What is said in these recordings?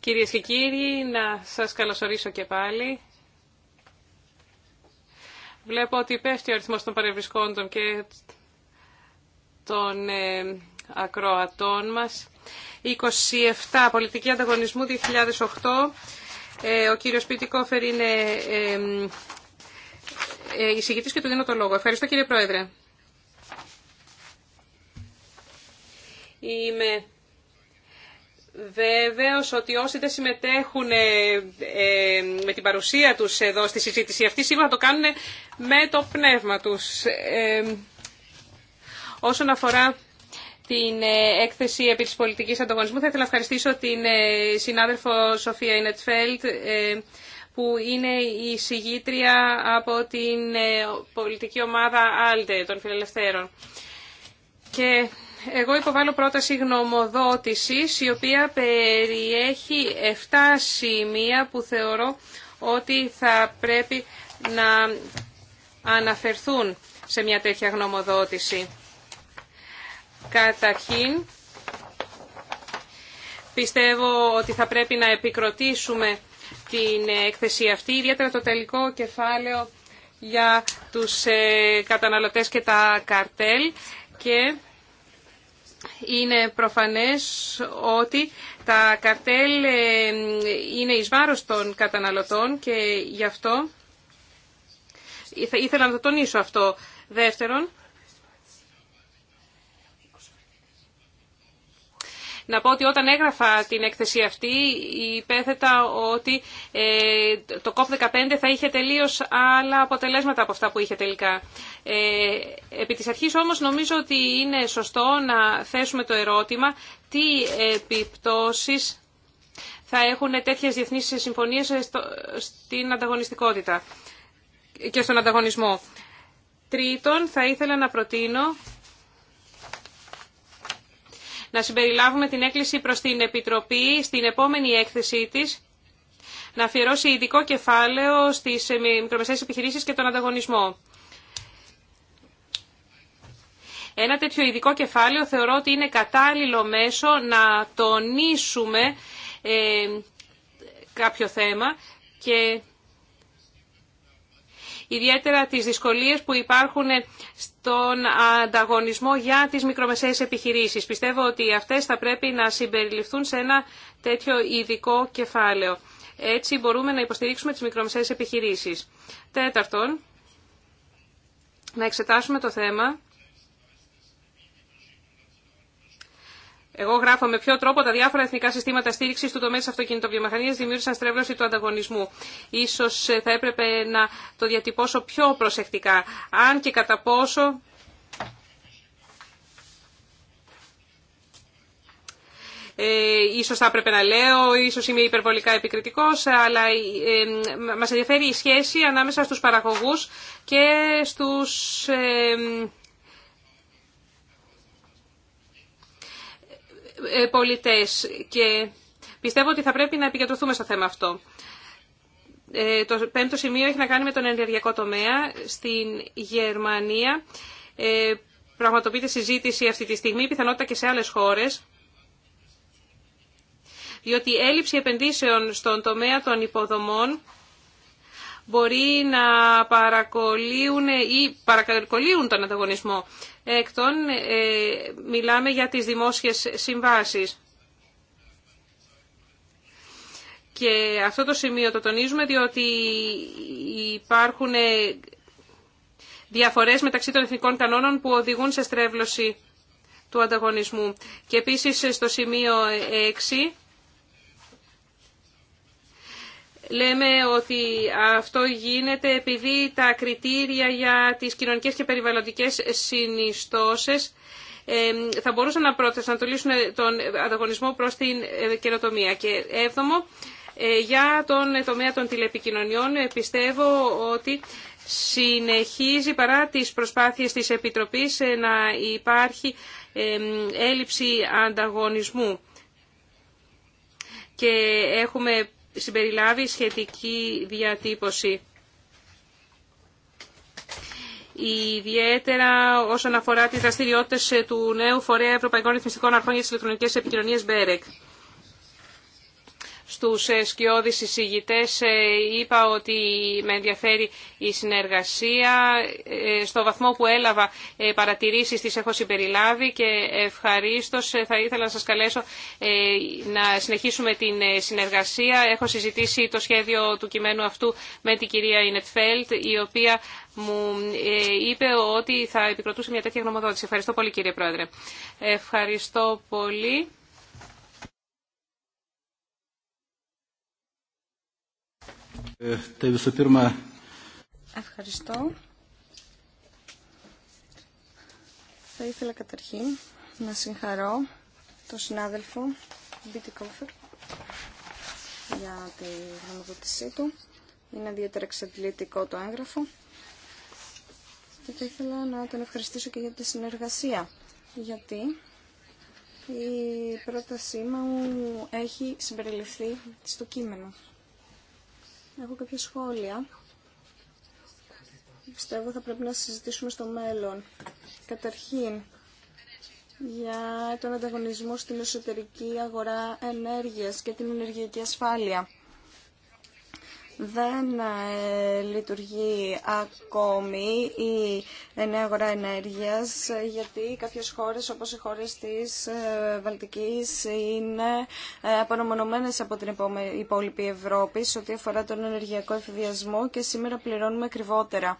Κυρίες και κύριοι, να σας καλωσορίσω και πάλι. Βλέπω ότι πέφτει ο αριθμός των παρευρισκόντων και των ε, ακροατών μας. 27, πολιτική ανταγωνισμού 2008. Ε, ο κύριος Πιτικόφερ είναι ε, ε, εισηγητής και του δίνω το λόγο. Ευχαριστώ κύριε Πρόεδρε. Είμαι βέβαιος ότι όσοι δεν συμμετέχουν ε, ε, με την παρουσία τους εδώ στη συζήτηση αυτή, σίγουρα το κάνουν με το πνεύμα τους. Ε, όσον αφορά την έκθεση επί της πολιτικής ανταγωνισμού, θα ήθελα να ευχαριστήσω την συνάδελφο Σοφία Ινετφέλτ, που είναι η συγγήτρια από την πολιτική ομάδα Άλτε των φιλελευθέρων. Και εγώ υποβάλλω πρόταση γνωμοδότησης, η οποία περιέχει 7 σημεία που θεωρώ ότι θα πρέπει να αναφερθούν σε μια τέτοια γνωμοδότηση. Καταρχήν, πιστεύω ότι θα πρέπει να επικροτήσουμε την έκθεση αυτή, ιδιαίτερα το τελικό κεφάλαιο για τους ε, καταναλωτές και τα καρτέλ και είναι προφανές ότι τα καρτέλ ε, είναι εις βάρος των καταναλωτών και γι' αυτό ήθελα να το τονίσω αυτό. Δεύτερον, να πω ότι όταν έγραφα την έκθεση αυτή υπέθετα ότι ε, το COP15 θα είχε τελείως άλλα αποτελέσματα από αυτά που είχε τελικά. Ε, επί της αρχής όμως νομίζω ότι είναι σωστό να θέσουμε το ερώτημα τι επιπτώσεις θα έχουν τέτοιες διεθνείς συμφωνίες στην ανταγωνιστικότητα και στον ανταγωνισμό. Τρίτον, θα ήθελα να προτείνω να συμπεριλάβουμε την έκκληση προς την Επιτροπή στην επόμενη έκθεσή της να αφιερώσει ειδικό κεφάλαιο στις ε, μικρομεσαίες επιχειρήσεις και τον ανταγωνισμό. Ένα τέτοιο ειδικό κεφάλαιο θεωρώ ότι είναι κατάλληλο μέσο να τονίσουμε ε, κάποιο θέμα και ιδιαίτερα τις δυσκολίες που υπάρχουν στον ανταγωνισμό για τις μικρομεσαίες επιχειρήσεις. Πιστεύω ότι αυτές θα πρέπει να συμπεριληφθούν σε ένα τέτοιο ειδικό κεφάλαιο. Έτσι μπορούμε να υποστηρίξουμε τις μικρομεσαίες επιχειρήσεις. Τέταρτον, να εξετάσουμε το θέμα Εγώ γράφω με ποιο τρόπο τα διάφορα εθνικά συστήματα στήριξη του τομέα τη αυτοκινητοβιομηχανία δημιούργησαν στρέβλωση του ανταγωνισμού. σω ε, θα έπρεπε να το διατυπώσω πιο προσεκτικά. Αν και κατά πόσο. Ε, ίσως θα έπρεπε να λέω, ίσως είμαι υπερβολικά επικριτικός, αλλά ε, ε μας ενδιαφέρει η σχέση ανάμεσα στους παραγωγούς και στους ε, Ε, πολιτές και πιστεύω ότι θα πρέπει να επικεντρωθούμε στο θέμα αυτό. Ε, το πέμπτο σημείο έχει να κάνει με τον ενεργειακό τομέα. Στην Γερμανία ε, πραγματοποιείται συζήτηση αυτή τη στιγμή, πιθανότητα και σε άλλες χώρες, διότι η έλλειψη επενδύσεων στον τομέα των υποδομών μπορεί να παρακολύουν ή παρακολύουν τον ανταγωνισμό. Έκτον, ε, μιλάμε για τις δημόσιες συμβάσεις. Και αυτό το σημείο το τονίζουμε διότι υπάρχουν ε, διαφορές μεταξύ των εθνικών κανόνων που οδηγούν σε στρέβλωση του ανταγωνισμού. Και επίσης ε, στο σημείο 6 λέμε ότι αυτό γίνεται επειδή τα κριτήρια για τις κοινωνικές και περιβαλλοντικές συνιστώσεις θα μπορούσαν να τολίσουν τον ανταγωνισμό προς την ε, καινοτομία. Και έβδομο, ε, για τον τομέα των τηλεπικοινωνιών ε, πιστεύω ότι συνεχίζει παρά τις προσπάθειες της Επιτροπής να υπάρχει έλλειψη ανταγωνισμού. Και έχουμε συμπεριλάβει σχετική διατύπωση. Ιδιαίτερα όσον αφορά τις δραστηριότητες του νέου Φορέα Ευρωπαϊκών Ρυθμιστικών Αρχών για τις ηλεκτρονικές επικοινωνίες Μπέρεκ στους ε, σκιώδεις εισηγητές ε, είπα ότι με ενδιαφέρει η συνεργασία. Ε, στο βαθμό που έλαβα παρατηρήσεις τις έχω συμπεριλάβει και ευχαρίστω θα ήθελα να σας καλέσω να συνεχίσουμε την συνεργασία. Έχω συζητήσει το σχέδιο του κειμένου αυτού με την κυρία Ινετφέλτ η οποία μου είπε ότι θα επικροτούσε μια τέτοια γνωμοδότηση. Ευχαριστώ πολύ κύριε Πρόεδρε. Ευχαριστώ πολύ. Ε, Ευχαριστώ. Θα ήθελα καταρχήν να συγχαρώ τον συνάδελφο Μπίτι Κόφερ για τη γνωμοδότησή του. Είναι ιδιαίτερα εξαντλητικό το έγγραφο και θα ήθελα να τον ευχαριστήσω και για τη συνεργασία γιατί η πρότασή μου έχει συμπεριληφθεί στο κείμενο έχω κάποια σχόλια. Πιστεύω θα πρέπει να συζητήσουμε στο μέλλον. Καταρχήν, για τον ανταγωνισμό στην εσωτερική αγορά ενέργειας και την ενεργειακή ασφάλεια δεν ε, λειτουργεί ακόμη η νέα αγορά ενέργειας γιατί κάποιες χώρες όπως οι χώρες της ε, Βαλτικής είναι ε, απονομονωμένες από την υπόλοιπη Ευρώπη σε ό,τι αφορά τον ενεργειακό εφηδιασμό και σήμερα πληρώνουμε ακριβότερα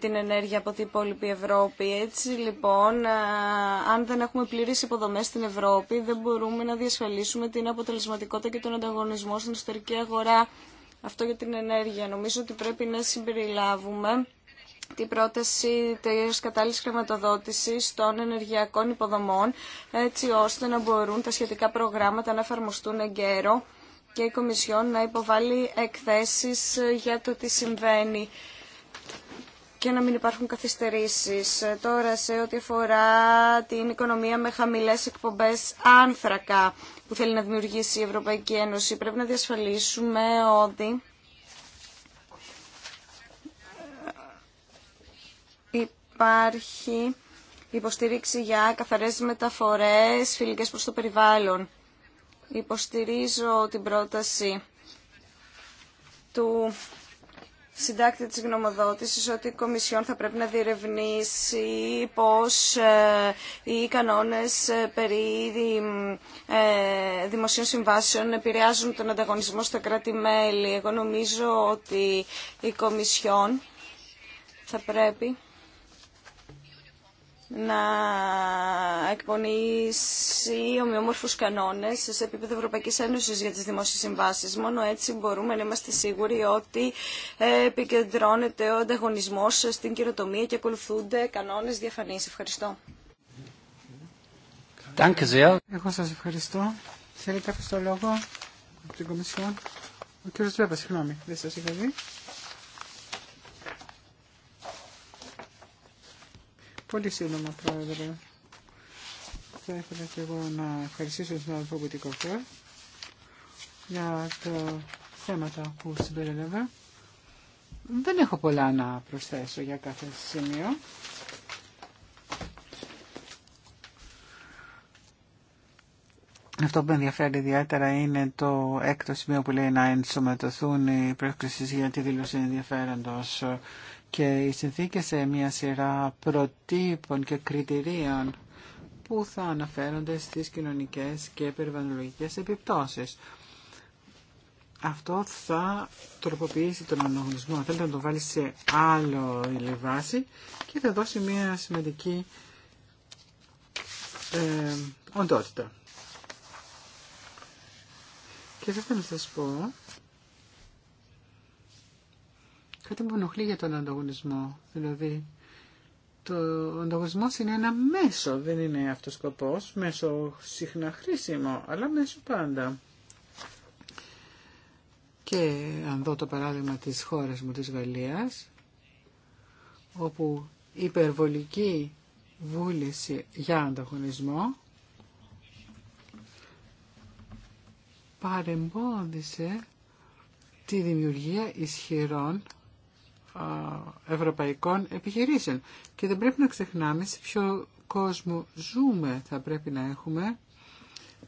την ενέργεια από την υπόλοιπη Ευρώπη. Έτσι λοιπόν, αν δεν έχουμε πλήρες υποδομές στην Ευρώπη, δεν μπορούμε να διασφαλίσουμε την αποτελεσματικότητα και τον ανταγωνισμό στην εσωτερική αγορά αυτό για την ενέργεια. Νομίζω ότι πρέπει να συμπεριλάβουμε την πρόταση της κατάλληλης χρηματοδότησης των ενεργειακών υποδομών, έτσι ώστε να μπορούν τα σχετικά προγράμματα να εφαρμοστούν εγκαίρο και η Κομισιόν να υποβάλει εκθέσεις για το τι συμβαίνει για να μην υπάρχουν καθυστερήσεις. Ε, τώρα σε ό,τι αφορά την οικονομία με χαμηλές εκπομπές άνθρακα που θέλει να δημιουργήσει η Ευρωπαϊκή Ένωση, πρέπει να διασφαλίσουμε ότι ε, υπάρχει υποστήριξη για καθαρές μεταφορές φιλικές προς το περιβάλλον. Υποστηρίζω την πρόταση του συντάκτη της γνωμοδότησης ότι η Κομισιόν θα πρέπει να διερευνήσει πώς ε, οι κανόνες ε, περί ε, δημοσίων συμβάσεων επηρεάζουν τον ανταγωνισμό στα κράτη-μέλη. Εγώ νομίζω ότι η Κομισιόν θα πρέπει να εκπονήσει ομοιόμορφους κανόνες σε επίπεδο Ευρωπαϊκής Ένωσης για τις δημόσιες συμβάσεις. Μόνο έτσι μπορούμε να είμαστε σίγουροι ότι επικεντρώνεται ο ανταγωνισμός στην κυροτομία και ακολουθούνται κανόνες διαφανής. Ευχαριστώ. Εγώ σας ευχαριστώ. Θέλετε αυτό το λόγο από την Κομισιόν. Ο κύριος συγγνώμη, δεν σας είχα δει. Πολύ σύντομα, Πρόεδρε. Θα ήθελα και εγώ να ευχαριστήσω τον αδελφό Μπουτικόφερ για τα θέματα που Δεν έχω πολλά να προσθέσω για κάθε σημείο. Αυτό που με ενδιαφέρει ιδιαίτερα είναι το έκτο σημείο που λέει να ενσωματωθούν οι πρόσκλησεις για τη δήλωση ενδιαφέροντος και οι συνθήκε σε μια σειρά προτύπων και κριτηρίων που θα αναφέρονται στις κοινωνικές και περιβαλλοντικές επιπτώσεις. Αυτό θα τροποποιήσει τον αναγνωσμό. Θέλει να το βάλει σε άλλο βάση και θα δώσει μια σημαντική ε, οντότητα. Και θα ήθελα να σας πω κάτι που ενοχλεί για τον ανταγωνισμό. Δηλαδή, το ανταγωνισμό είναι ένα μέσο, δεν είναι αυτός ο σκοπός, μέσο συχνά χρήσιμο, αλλά μέσο πάντα. Και αν δω το παράδειγμα της χώρας μου της Γαλλίας, όπου υπερβολική βούληση για ανταγωνισμό παρεμπόδισε τη δημιουργία ισχυρών ευρωπαϊκών επιχειρήσεων. Και δεν πρέπει να ξεχνάμε σε ποιο κόσμο ζούμε. Θα πρέπει να έχουμε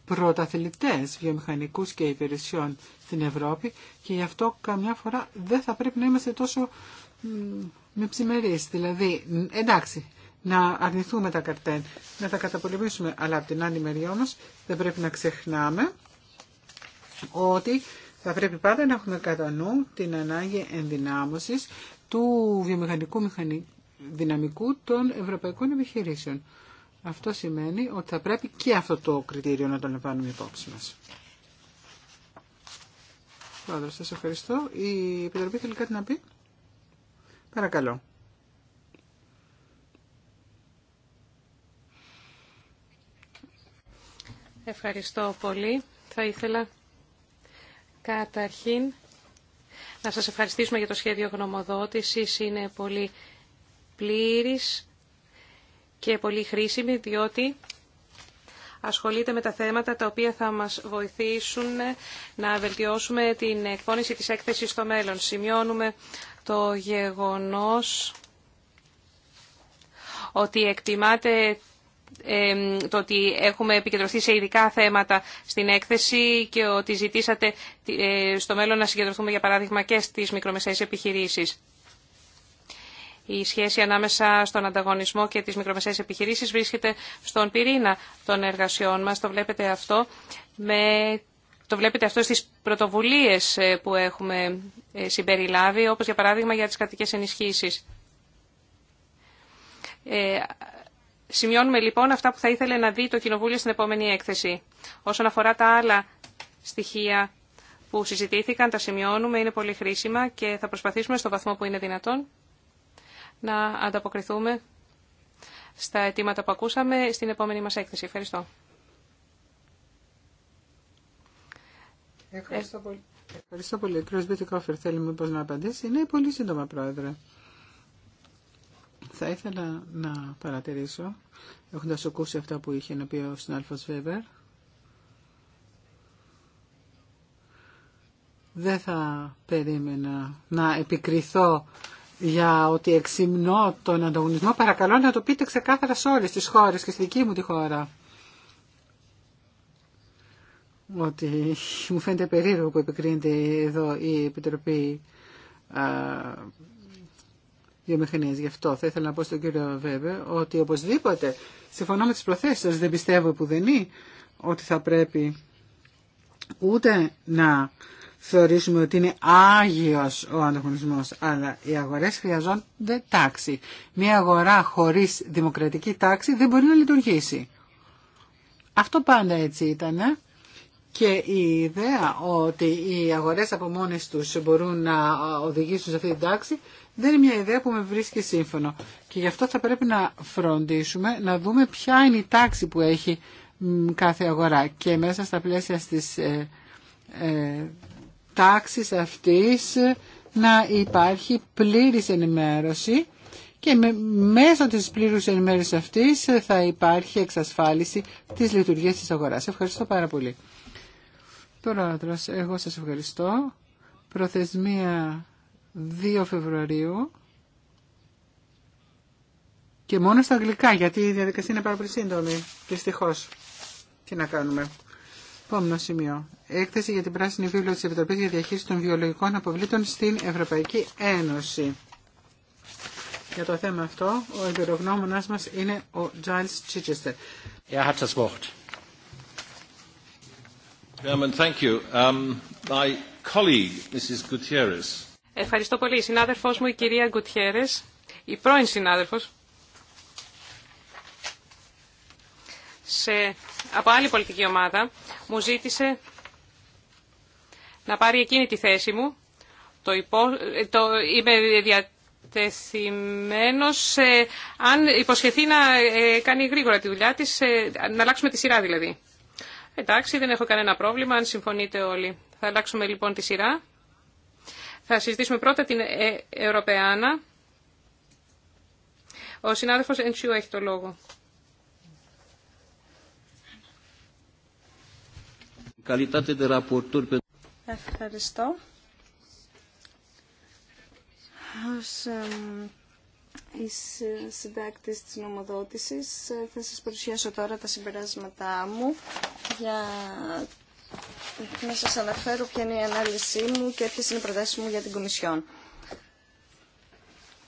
πρωταθλητές βιομηχανικούς και υπηρεσιών στην Ευρώπη και γι' αυτό καμιά φορά δεν θα πρέπει να είμαστε τόσο με Δηλαδή, εντάξει, να αρνηθούμε τα καρτέν, να τα καταπολεμήσουμε, αλλά από την άλλη μεριά όμως δεν πρέπει να ξεχνάμε ότι θα πρέπει πάντα να έχουμε κατά νου την ανάγκη ενδυνάμωσης του βιομηχανικού δυναμικού των ευρωπαϊκών επιχειρήσεων. Αυτό σημαίνει ότι θα πρέπει και αυτό το κριτήριο να το λαμβάνουμε υπόψη μας. Πρόεδρος, σας ευχαριστώ. Η Επιτροπή θέλει κάτι να πει. Παρακαλώ. Ευχαριστώ πολύ. Θα ήθελα Καταρχήν, να σας ευχαριστήσουμε για το σχέδιο γνωμοδότησης. Είναι πολύ πλήρης και πολύ χρήσιμη, διότι ασχολείται με τα θέματα τα οποία θα μας βοηθήσουν να βελτιώσουμε την εκπόνηση της έκθεσης στο μέλλον. Σημειώνουμε το γεγονός ότι εκτιμάται το ότι έχουμε επικεντρωθεί σε ειδικά θέματα στην έκθεση και ότι ζητήσατε ε, στο μέλλον να συγκεντρωθούμε για παράδειγμα και στις μικρομεσαίες επιχειρήσεις. Η σχέση ανάμεσα στον ανταγωνισμό και τις μικρομεσαίες επιχειρήσεις βρίσκεται στον πυρήνα των εργασιών μας. Το βλέπετε αυτό, με... το βλέπετε αυτό στις πρωτοβουλίες ε, που έχουμε ε, συμπεριλάβει, όπως για παράδειγμα για τις κρατικές ενισχύσεις. Σημειώνουμε λοιπόν αυτά που θα ήθελε να δει το Κοινοβούλιο στην επόμενη έκθεση. Όσον αφορά τα άλλα στοιχεία που συζητήθηκαν, τα σημειώνουμε, είναι πολύ χρήσιμα και θα προσπαθήσουμε στο βαθμό που είναι δυνατόν να ανταποκριθούμε στα αιτήματα που ακούσαμε στην επόμενη μας έκθεση. Ευχαριστώ. Ευχαριστώ πολύ. Ευχαριστώ πολύ. Ο κ. θέλει να απαντήσει. Ναι, πολύ σύντομα, Πρόεδρε. Θα ήθελα να παρατηρήσω, έχοντας ακούσει αυτά που είχε να πει ο συνάδελφο Βέμπερ, δεν θα περίμενα να επικριθώ για ότι εξυμνώ τον ανταγωνισμό. Παρακαλώ να το πείτε ξεκάθαρα σε όλες τις χώρες και στη δική μου τη χώρα. Ότι μου φαίνεται περίεργο που επικρίνεται εδώ η Επιτροπή Γι' αυτό θα ήθελα να πω στον κύριο Βέβε ότι οπωσδήποτε συμφωνώ με τι προθέσει σα. Δεν πιστεύω που δεν είναι ότι θα πρέπει ούτε να θεωρήσουμε ότι είναι άγιος ο ανταγωνισμός, αλλά οι αγορές χρειαζόνται τάξη. Μια αγορά χωρίς δημοκρατική τάξη δεν μπορεί να λειτουργήσει. Αυτό πάντα έτσι ήταν. Και η ιδέα ότι οι αγορές από μόνες τους μπορούν να οδηγήσουν σε αυτή την τάξη δεν είναι μια ιδέα που με βρίσκει σύμφωνο. Και γι' αυτό θα πρέπει να φροντίσουμε να δούμε ποια είναι η τάξη που έχει κάθε αγορά. Και μέσα στα πλαίσια της ε, ε, τάξης αυτής να υπάρχει πλήρης ενημέρωση και με, μέσω της πλήρους ενημέρωσης αυτής ε, θα υπάρχει εξασφάλιση της λειτουργίας της αγοράς. Ευχαριστώ πάρα πολύ. Τώρα, εγώ σας ευχαριστώ. Προθεσμία 2 Φεβρουαρίου και μόνο στα αγγλικά γιατί η διαδικασία είναι πάρα πολύ σύντομη. Δυστυχώ. Τι να κάνουμε. Επόμενο σημείο. Έκθεση για την πράσινη βίβλο της Επιτροπή για διαχείριση των βιολογικών αποβλήτων στην Ευρωπαϊκή Ένωση. Για το θέμα αυτό, ο εμπειρογνώμονας μας είναι ο Giles Chichester. Er hat das Wort. thank you. Um, my colleague, Mrs. Gutierrez, Ευχαριστώ πολύ. Η συνάδελφό μου, η κυρία Γκουτιέρε, η πρώην συνάδελφο. σε, από άλλη πολιτική ομάδα, μου ζήτησε να πάρει εκείνη τη θέση μου. Το υπο, ε, το, είμαι διατεθειμένος ε, αν υποσχεθεί να ε, κάνει γρήγορα τη δουλειά της, να αλλάξουμε τη σειρά δηλαδή. Εντάξει, δεν έχω κανένα πρόβλημα, αν συμφωνείτε όλοι. Θα αλλάξουμε λοιπόν τη σειρά. Θα συζητήσουμε πρώτα την ε- Ευρωπαϊκή. Ο συνάδελφος Εντσιού έχει το λόγο. Ευχαριστώ. Ως συντάκτης της νομοδότησης ε, θα σας παρουσιάσω τώρα τα συμπεράσματά μου για να σας αναφέρω ποια είναι η ανάλυση μου και ποιες είναι οι προτάσεις μου για την Κομισιόν.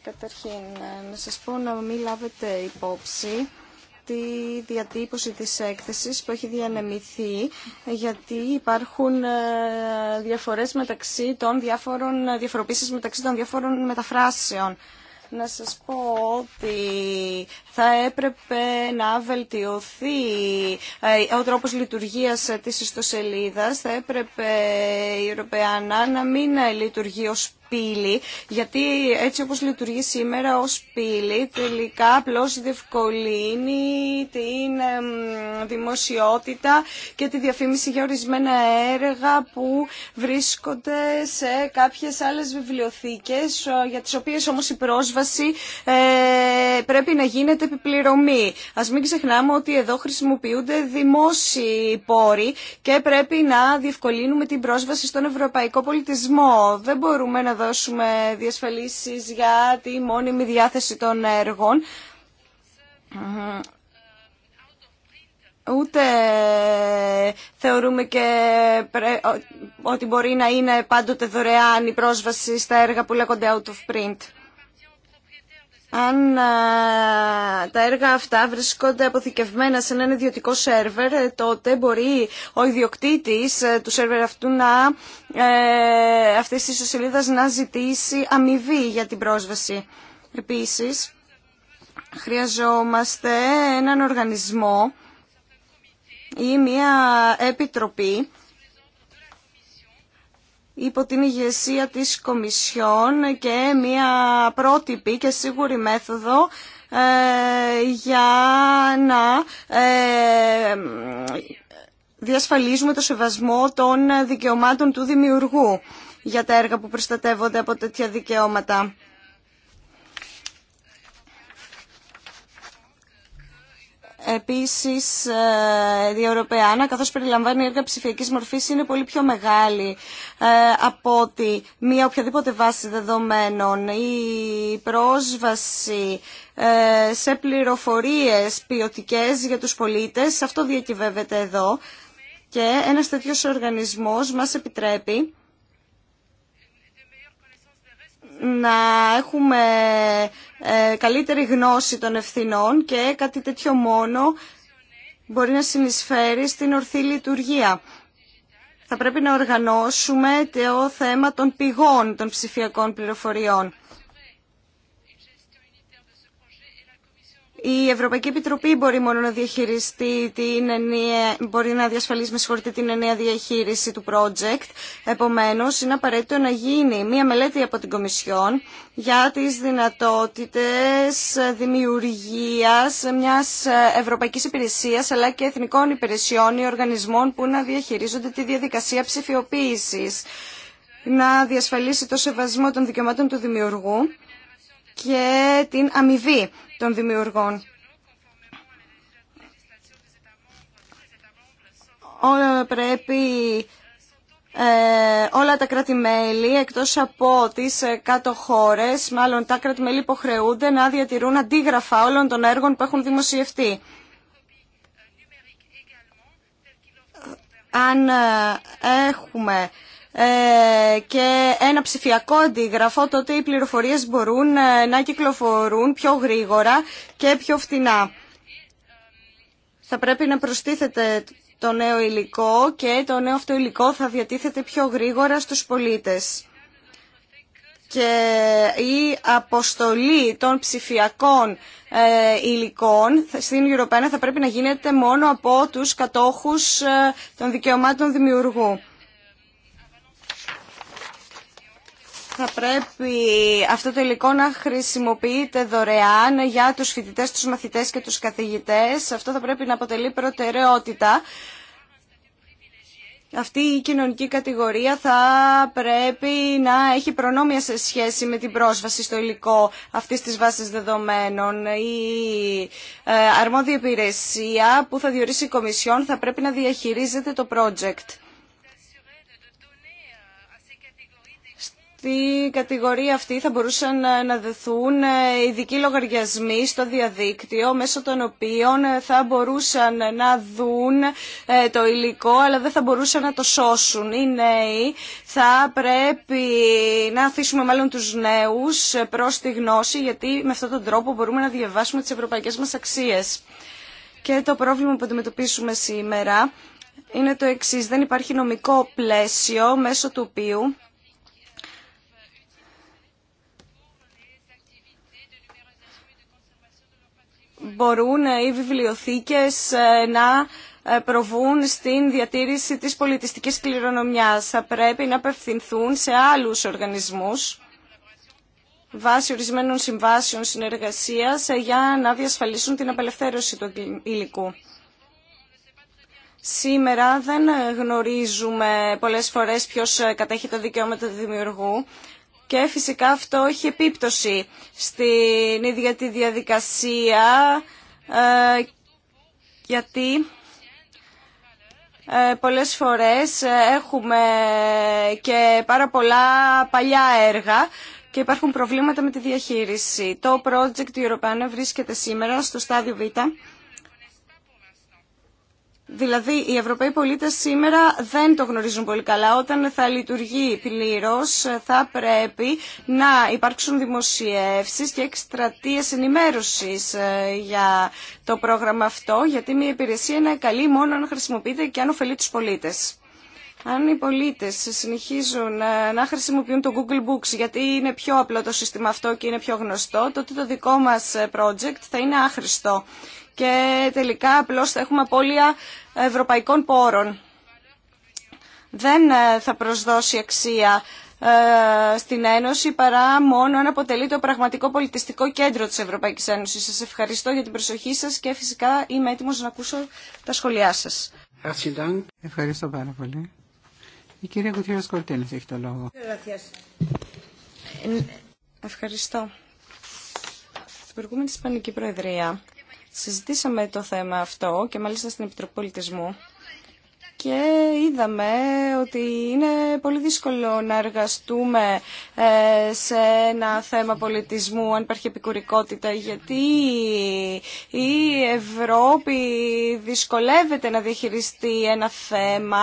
Καταρχήν, να σας πω να μην λάβετε υπόψη τη διατύπωση της έκθεσης που έχει διανεμηθεί γιατί υπάρχουν ε, διαφορές μεταξύ των διάφορων, διαφοροποίησεις μεταξύ των διάφορων μεταφράσεων να σας πω ότι θα έπρεπε να βελτιωθεί ε, ο τρόπος λειτουργίας ε, της ιστοσελίδας, θα έπρεπε η Ευρωπαϊκή να μην ε, λειτουργεί ως πύλη, γιατί έτσι όπως λειτουργεί σήμερα ως πύλη, τελικά απλώς διευκολύνει την δημοσιότητα και τη διαφήμιση για ορισμένα έργα που βρίσκονται σε κάποιες άλλες βιβλιοθήκες, για τις οποίες όμως η πρόσβαση ε, πρέπει να γίνεται επιπληρωμή. Ας μην ξεχνάμε ότι εδώ χρησιμοποιούνται δημόσιοι πόροι και πρέπει να διευκολύνουμε την πρόσβαση στον ευρωπαϊκό πολιτισμό. Δεν μπορούμε να δώσουμε διασφαλίσεις για τη μόνιμη διάθεση των έργων. Ούτε θεωρούμε και ότι μπορεί να είναι πάντοτε δωρεάν η πρόσβαση στα έργα που λέγονται out of print αν τα έργα αυτά βρίσκονται αποθηκευμένα σε έναν ιδιωτικό σερβερ, ε, τότε μπορεί ο ιδιοκτήτης ε, του σερβερ αυτού να, ε, αυτής της να ζητήσει αμοιβή για την πρόσβαση. Επίσης, χρειαζόμαστε έναν οργανισμό ή μια επιτροπή υπό την ηγεσία της Κομισιόν και μια πρότυπη και σίγουρη μέθοδο ε, για να ε, διασφαλίζουμε το σεβασμό των δικαιωμάτων του δημιουργού για τα έργα που προστατεύονται από τέτοια δικαιώματα. Επίσης, ε, η Ευρωπαϊκή καθώς περιλαμβάνει έργα ψηφιακής μορφής, είναι πολύ πιο μεγάλη ε, από ότι μία οποιαδήποτε βάση δεδομένων. Η πρόσβαση ε, σε πληροφορίες ποιοτικέ για τους πολίτες, αυτό διακυβεύεται εδώ. Και ένας τέτοιος οργανισμός μας επιτρέπει να έχουμε ε, καλύτερη γνώση των ευθυνών και κάτι τέτοιο μόνο μπορεί να συνεισφέρει στην ορθή λειτουργία. Θα πρέπει να οργανώσουμε το θέμα των πηγών των ψηφιακών πληροφοριών. Η Ευρωπαϊκή Επιτροπή μπορεί μόνο να διαχειριστεί την ενιαία, μπορεί να διασφαλίσει με την ενιαία διαχείριση του project. Επομένω, είναι απαραίτητο να γίνει μία μελέτη από την Κομισιόν για τι δυνατότητες δημιουργία, μια ευρωπαϊκή υπηρεσία, αλλά και εθνικών υπηρεσιών ή οργανισμών που να διαχειρίζονται τη διαδικασία ψηφιοποίηση, Να διασφαλίσει το σεβασμό των δικαιωμάτων του δημιουργού και την αμοιβή των δημιουργών. Πρέπει ε, όλα τα κράτη-μέλη εκτός από τις ε, κάτω χώρες, μάλλον τα κράτη-μέλη υποχρεούνται να διατηρούν αντίγραφα όλων των έργων που έχουν δημοσιευτεί. Αν ε, έχουμε ε, και ένα ψηφιακό αντίγραφο, τότε οι πληροφορίες μπορούν ε, να κυκλοφορούν πιο γρήγορα και πιο φτηνά. Θα πρέπει να προστίθεται το νέο υλικό και το νέο αυτό θα διατίθεται πιο γρήγορα στους πολίτες. Και η αποστολή των ψηφιακών ε, υλικών στην Ευρωπαϊκή θα πρέπει να γίνεται μόνο από τους κατόχους των δικαιωμάτων δημιουργού. θα πρέπει αυτό το υλικό να χρησιμοποιείται δωρεάν για τους φοιτητές, τους μαθητές και τους καθηγητές. Αυτό θα πρέπει να αποτελεί προτεραιότητα. Αυτή η κοινωνική κατηγορία θα πρέπει να έχει προνόμια σε σχέση με την πρόσβαση στο υλικό αυτή της βάσης δεδομένων. Η ε, αρμόδια υπηρεσία που θα διορίσει η Κομισιόν θα πρέπει να διαχειρίζεται το project. Στη κατηγορία αυτή θα μπορούσαν ε, να δεθούν ε, ειδικοί λογαριασμοί στο διαδίκτυο μέσω των οποίων ε, θα μπορούσαν να δουν το υλικό αλλά δεν θα μπορούσαν να το σώσουν. Οι νέοι θα πρέπει να αφήσουμε μάλλον τους νέους προς τη γνώση γιατί με αυτόν τον τρόπο μπορούμε να διαβάσουμε τις ευρωπαϊκές μας αξίες. Και το πρόβλημα που αντιμετωπίσουμε σήμερα είναι το εξής. Δεν υπάρχει νομικό πλαίσιο μέσω του οποίου μπορούν οι βιβλιοθήκες ε, να ε, προβούν στην διατήρηση της πολιτιστικής κληρονομιάς. Θα πρέπει να απευθυνθούν σε άλλους οργανισμούς βάσει ορισμένων συμβάσεων συνεργασίας ε, για να διασφαλίσουν την απελευθέρωση του υλικού. Σήμερα δεν γνωρίζουμε πολλές φορές ποιος κατέχει τα δικαιώματα του δημιουργού και φυσικά αυτό έχει επίπτωση στην ίδια τη διαδικασία ε, γιατί ε, πολλές φορές έχουμε και πάρα πολλά παλιά έργα και υπάρχουν προβλήματα με τη διαχείριση. Το project Europeana βρίσκεται σήμερα στο στάδιο Β Δηλαδή, οι Ευρωπαίοι πολίτε σήμερα δεν το γνωρίζουν πολύ καλά. Όταν θα λειτουργεί πλήρω θα πρέπει να υπάρξουν δημοσιεύσει και εκστρατείες ενημέρωση ε, για το πρόγραμμα αυτό, γιατί μια υπηρεσία είναι καλή μόνο αν χρησιμοποιείται και αν ωφελεί του πολίτε. Αν οι πολίτε συνεχίζουν ε, να χρησιμοποιούν το Google Books γιατί είναι πιο απλό το σύστημα αυτό και είναι πιο γνωστό, τότε το δικό μα ε, project θα είναι άχρηστο και τελικά απλώς θα έχουμε απώλεια ευρωπαϊκών πόρων. Δεν ε, θα προσδώσει αξία ε, στην Ένωση παρά μόνο αν αποτελεί το πραγματικό πολιτιστικό κέντρο της Ευρωπαϊκής Ένωσης. Σας ευχαριστώ για την προσοχή σας και φυσικά είμαι έτοιμος να ακούσω τα σχόλιά σας. Ευχαριστώ πάρα πολύ. Η κυρία Κουτήρας Κορτίνης έχει το λόγο. Ευχαριστώ. Στην προηγούμενη Ισπανική Προεδρία Συζητήσαμε το θέμα αυτό και μάλιστα στην Επιτροπή Πολιτισμού και είδαμε ότι είναι πολύ δύσκολο να εργαστούμε ε, σε ένα θέμα πολιτισμού αν υπάρχει επικουρικότητα γιατί η Ευρώπη δυσκολεύεται να διαχειριστεί ένα θέμα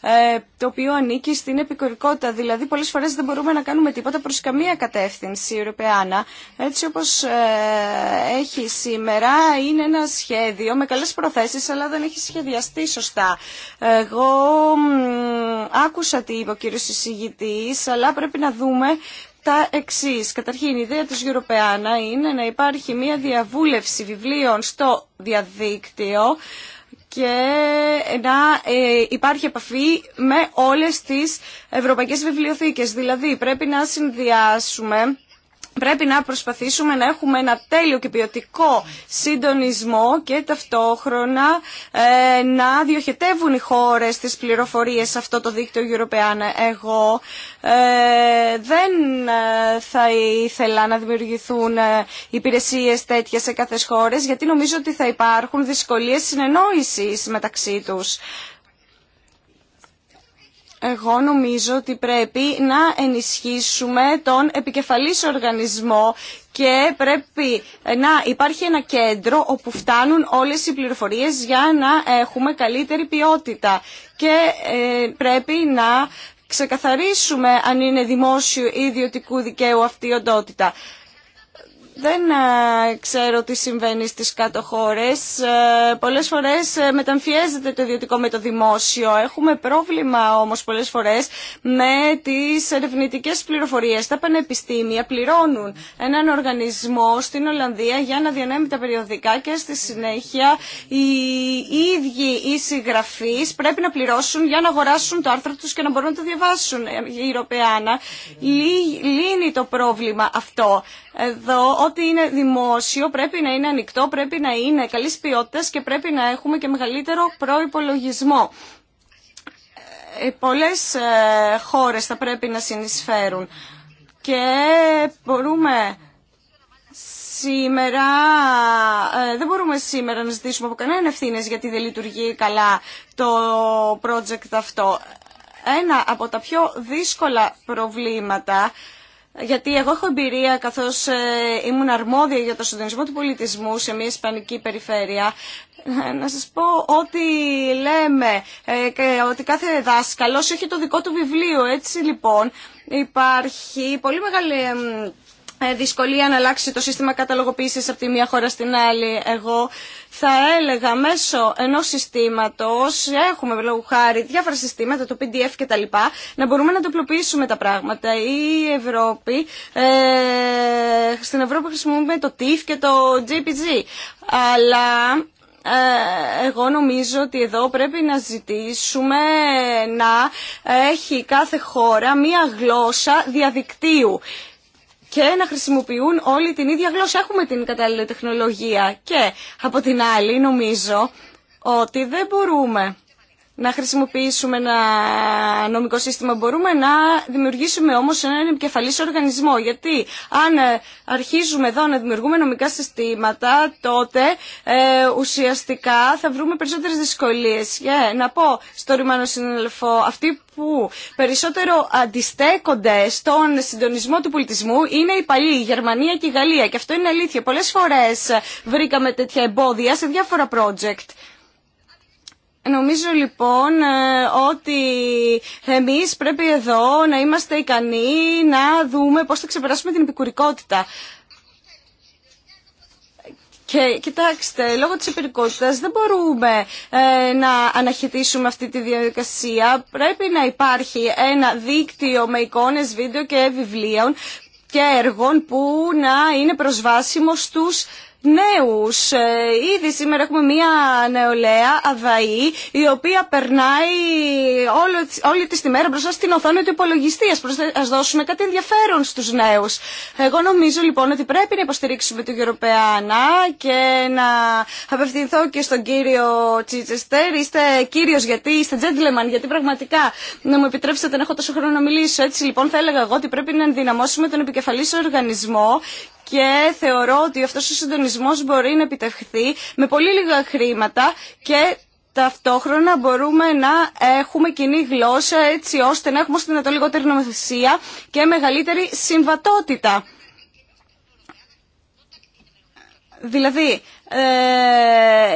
ε, το οποίο ανήκει στην επικουρικότητα. Δηλαδή πολλές φορές δεν μπορούμε να κάνουμε τίποτα προς καμία κατεύθυνση ευρωπαϊκά, Έτσι όπως ε, έχει σήμερα είναι ένα σχέδιο με καλές προθέσεις αλλά δεν έχει σχεδιαστεί σωστά εγώ άκουσα τι είπε ο κύριος εισηγητής, αλλά πρέπει να δούμε τα εξή. Καταρχήν, η ιδέα της Ευρωπαϊκή είναι να υπάρχει μια διαβούλευση βιβλίων στο διαδίκτυο και να ε, υπάρχει επαφή με όλες τις ευρωπαϊκές βιβλιοθήκες. Δηλαδή, πρέπει να συνδυάσουμε πρέπει να προσπαθήσουμε να έχουμε ένα τέλειο και ποιοτικό συντονισμό και ταυτόχρονα ε, να διοχετεύουν οι χώρες τις πληροφορίες σε αυτό το δίκτυο Europeana. Εγώ ε, δεν ε, θα ήθελα να δημιουργηθούν υπηρεσίες τέτοιες σε κάθε χώρες γιατί νομίζω ότι θα υπάρχουν δυσκολίες συνεννόησης μεταξύ τους. Εγώ νομίζω ότι πρέπει να ενισχύσουμε τον επικεφαλής οργανισμό και πρέπει να υπάρχει ένα κέντρο όπου φτάνουν όλες οι πληροφορίες για να έχουμε καλύτερη ποιότητα και ε, πρέπει να ξεκαθαρίσουμε αν είναι δημόσιο ή ιδιωτικού δικαίου αυτή η οντότητα. Δεν ε, ξέρω τι συμβαίνει στις κάτω χώρες. Ε, πολλές φορές ε, μεταμφιέζεται το ιδιωτικό με το δημόσιο. Έχουμε πρόβλημα όμως πολλές φορές με τις ερευνητικέ πληροφορίες. Τα πανεπιστήμια πληρώνουν έναν οργανισμό στην Ολλανδία για να διανέμει τα περιοδικά και στη συνέχεια οι ίδιοι οι συγγραφείς πρέπει να πληρώσουν για να αγοράσουν το άρθρο τους και να μπορούν να το διαβάσουν. Η Ευρωπαϊκή λύνει το πρόβλημα αυτό. Εδώ Ό,τι είναι δημόσιο πρέπει να είναι ανοιχτό, πρέπει να είναι καλής ποιότητας και πρέπει να έχουμε και μεγαλύτερο προϋπολογισμό. Ε, πολλές ε, χώρες θα πρέπει να συνεισφέρουν και μπορούμε σήμερα, ε, δεν μπορούμε σήμερα να ζητήσουμε από κανέναν ευθύνε γιατί δεν λειτουργεί καλά το project αυτό. Ένα από τα πιο δύσκολα προβλήματα γιατί εγώ έχω εμπειρία καθώς ε, ήμουν αρμόδια για το συντονισμό του πολιτισμού σε μια ισπανική περιφέρεια. Να σας πω ότι λέμε ε, ότι κάθε δάσκαλος έχει το δικό του βιβλίο. Έτσι λοιπόν υπάρχει πολύ μεγάλη ε, δυσκολία να αλλάξει το σύστημα καταλογοποίησης από τη μία χώρα στην άλλη. Εγώ θα έλεγα μέσω ενός συστήματος, έχουμε λόγω χάρη διάφορα συστήματα, το PDF και τα λοιπά, να μπορούμε να τοπλοποιήσουμε τα πράγματα. Η Ευρώπη, ε, στην Ευρώπη χρησιμοποιούμε το TIF και το JPG, αλλά ε, εγώ νομίζω ότι εδώ πρέπει να ζητήσουμε να έχει κάθε χώρα μία γλώσσα διαδικτύου και να χρησιμοποιούν όλοι την ίδια γλώσσα. Έχουμε την κατάλληλη τεχνολογία και από την άλλη νομίζω ότι δεν μπορούμε να χρησιμοποιήσουμε ένα νομικό σύστημα μπορούμε να δημιουργήσουμε όμως έναν επικεφαλής οργανισμό γιατί αν ε, αρχίζουμε εδώ να δημιουργούμε νομικά συστήματα τότε ε, ουσιαστικά θα βρούμε περισσότερες δυσκολίες. Yeah, να πω στο ρημάνο συνελεφό αυτοί που περισσότερο αντιστέκονται στον συντονισμό του πολιτισμού είναι οι παλιοί, η Γερμανία και η Γαλλία και αυτό είναι αλήθεια. Πολλές φορές ε, βρήκαμε τέτοια εμπόδια σε διάφορα project. Νομίζω λοιπόν ε, ότι εμείς πρέπει εδώ να είμαστε ικανοί να δούμε πώς θα ξεπεράσουμε την επικουρικότητα. Και κοιτάξτε, λόγω της επικουρικότητας δεν μπορούμε ε, να αναχαιτήσουμε αυτή τη διαδικασία. Πρέπει να υπάρχει ένα δίκτυο με εικόνες, βίντεο και βιβλίων και έργων που να είναι προσβάσιμο στους νέους. Ε, ήδη σήμερα έχουμε μια νεολαία αδαή η οποία περνάει όλο, όλη τη μέρα μπροστά στην οθόνη του υπολογιστή. Ας, δώσουμε κάτι ενδιαφέρον στους νέους. Εγώ νομίζω λοιπόν ότι πρέπει να υποστηρίξουμε την Ευρωπαϊκή και να απευθυνθώ και στον κύριο Τσίτσεστερ. Είστε κύριος γιατί είστε gentleman, γιατί πραγματικά να μου επιτρέψετε να έχω τόσο χρόνο να μιλήσω. Έτσι λοιπόν θα έλεγα εγώ ότι πρέπει να ενδυναμώσουμε τον επικεφαλής οργανισμό και θεωρώ ότι αυτός ο συντονισμός μπορεί να επιτευχθεί με πολύ λίγα χρήματα και ταυτόχρονα μπορούμε να έχουμε κοινή γλώσσα έτσι ώστε να έχουμε στην λιγότερη νομοθεσία και μεγαλύτερη συμβατότητα. Δηλαδή, ε,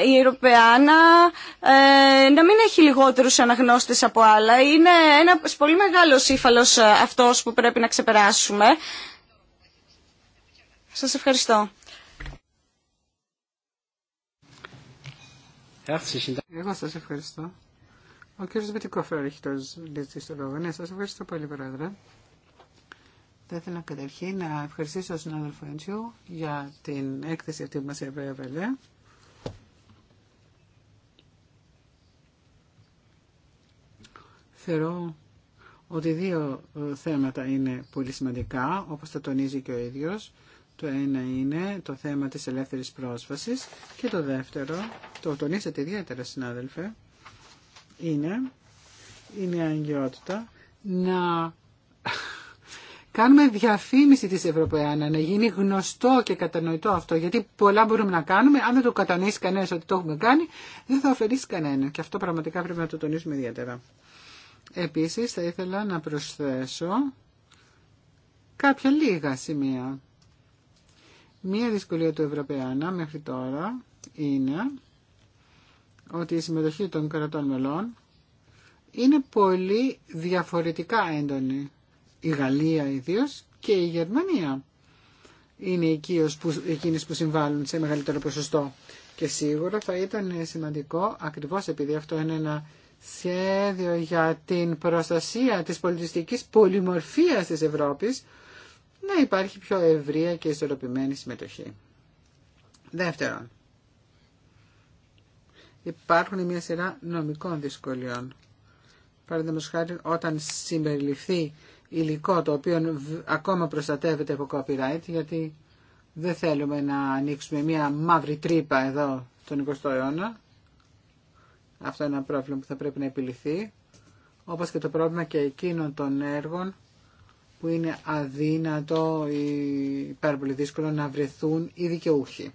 η Ευρωπαϊκή ε, να μην έχει λιγότερους αναγνώστες από άλλα. Είναι ένα πολύ μεγάλος ύφαλος ε, αυτός που πρέπει να ξεπεράσουμε. Σας ευχαριστώ. Εγώ σας ευχαριστώ. Ο κύριος Βητικόφερ έχει το ζητήσει στο λόγο. Ναι, σας ευχαριστώ πολύ, Πρόεδρε. Θα ήθελα καταρχήν να ευχαριστήσω τον συνάδελφο Έντσιου για την έκθεση αυτή που μας έβαλε. Θεωρώ ότι δύο θέματα είναι πολύ σημαντικά, όπως τα τονίζει και ο ίδιος. Το ένα είναι το θέμα της ελεύθερης πρόσβασης και το δεύτερο, το τονίσατε ιδιαίτερα συνάδελφε, είναι, είναι η αγκαιότητα να κάνουμε διαφήμιση της Ευρωπαϊκής, να γίνει γνωστό και κατανοητό αυτό, γιατί πολλά μπορούμε να κάνουμε, αν δεν το κατανοήσει κανένας ότι το έχουμε κάνει, δεν θα ωφελήσει κανένα και αυτό πραγματικά πρέπει να το τονίσουμε ιδιαίτερα. Επίσης θα ήθελα να προσθέσω κάποια λίγα σημεία Μία δυσκολία του Ευρωπαϊκού μέχρι τώρα είναι ότι η συμμετοχή των κρατών μελών είναι πολύ διαφορετικά έντονη. Η Γαλλία ιδίω και η Γερμανία είναι που, εκείνες που συμβάλλουν σε μεγαλύτερο ποσοστό. Και σίγουρα θα ήταν σημαντικό, ακριβώς επειδή αυτό είναι ένα σχέδιο για την προστασία της πολιτιστικής πολυμορφίας της Ευρώπης, να υπάρχει πιο ευρεία και ισορροπημένη συμμετοχή. Δεύτερον, υπάρχουν μια σειρά νομικών δυσκολιών. Παραδείγματο χάρη, όταν συμπεριληφθεί υλικό το οποίο ακόμα προστατεύεται από copyright, γιατί δεν θέλουμε να ανοίξουμε μια μαύρη τρύπα εδώ τον 20ο αιώνα. Αυτό είναι ένα πρόβλημα που θα πρέπει να επιληθεί. Όπως και το πρόβλημα και εκείνων των έργων που είναι αδύνατο ή πάρα πολύ δύσκολο να βρεθούν οι δικαιούχοι.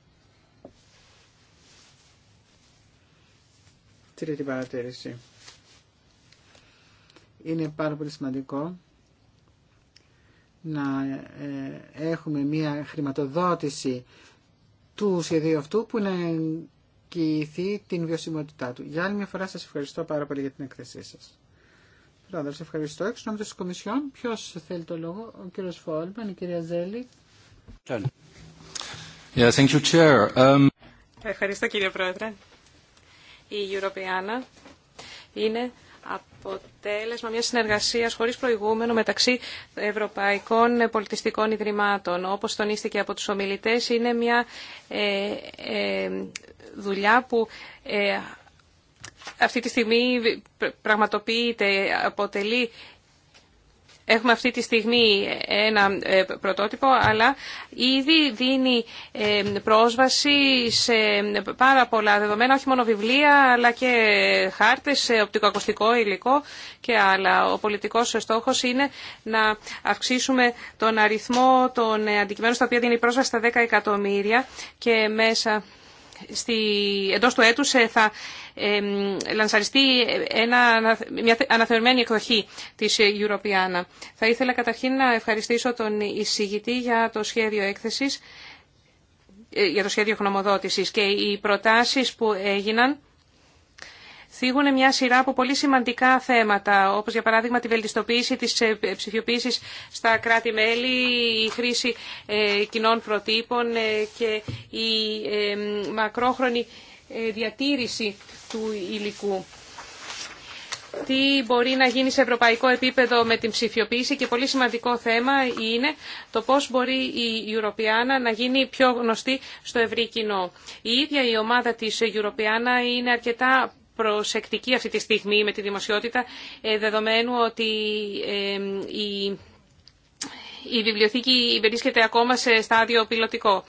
Τρίτη παρατήρηση. Είναι πάρα πολύ σημαντικό να ε, έχουμε μία χρηματοδότηση του σχεδίου αυτού που να εγγυηθεί την βιωσιμότητά του. Για άλλη μια φορά σας ευχαριστώ πάρα πολύ για την εκθεσή σας σε ευχαριστώ. Εξ νόμιτος της Κομισιόν, ποιος θέλει το λόγο, ο κύριος Φόλμαν, η κυρία Ζέλη. Yeah, thank you, Chair. Um... Ευχαριστώ κύριε Πρόεδρε. Η Europeana είναι αποτέλεσμα μιας συνεργασίας χωρίς προηγούμενο μεταξύ ευρωπαϊκών πολιτιστικών ιδρυμάτων. Όπως τονίστηκε από τους ομιλητές, είναι μια ε, ε, δουλειά που ε, αυτή τη στιγμή πραγματοποιείται, αποτελεί Έχουμε αυτή τη στιγμή ένα ε, πρωτότυπο, αλλά ήδη δίνει ε, πρόσβαση σε πάρα πολλά δεδομένα, όχι μόνο βιβλία, αλλά και χάρτες, οπτικοακουστικό υλικό και άλλα. Ο πολιτικός στόχος είναι να αυξήσουμε τον αριθμό των ε, αντικειμένων στα οποία δίνει πρόσβαση στα 10 εκατομμύρια και μέσα στη, εντός του έτους ε, θα λανσαριστεί ένα, μια αναθεωρημένη εκδοχή της Europeana. Θα ήθελα καταρχήν να ευχαριστήσω τον εισηγητή για το σχέδιο έκθεσης, ε, για το σχέδιο γνωμοδότησης και οι προτάσεις που έγιναν θίγουν μια σειρά από πολύ σημαντικά θέματα, όπως για παράδειγμα τη βελτιστοποίηση της ε, ψηφιοποίησης στα κράτη-μέλη, η χρήση ε, κοινών προτύπων ε, και η μακρόχρονη διατήρηση του υλικού. Τι μπορεί να γίνει σε ευρωπαϊκό επίπεδο με την ψηφιοποίηση και πολύ σημαντικό θέμα είναι το πώς μπορεί η Europeana να γίνει πιο γνωστή στο ευρύ κοινό. Η ίδια η ομάδα της Europeana είναι αρκετά προσεκτική αυτή τη στιγμή με τη δημοσιότητα, ε, δεδομένου ότι η, βιβλιοθήκη υπερίσκεται ακόμα σε στάδιο πιλωτικό.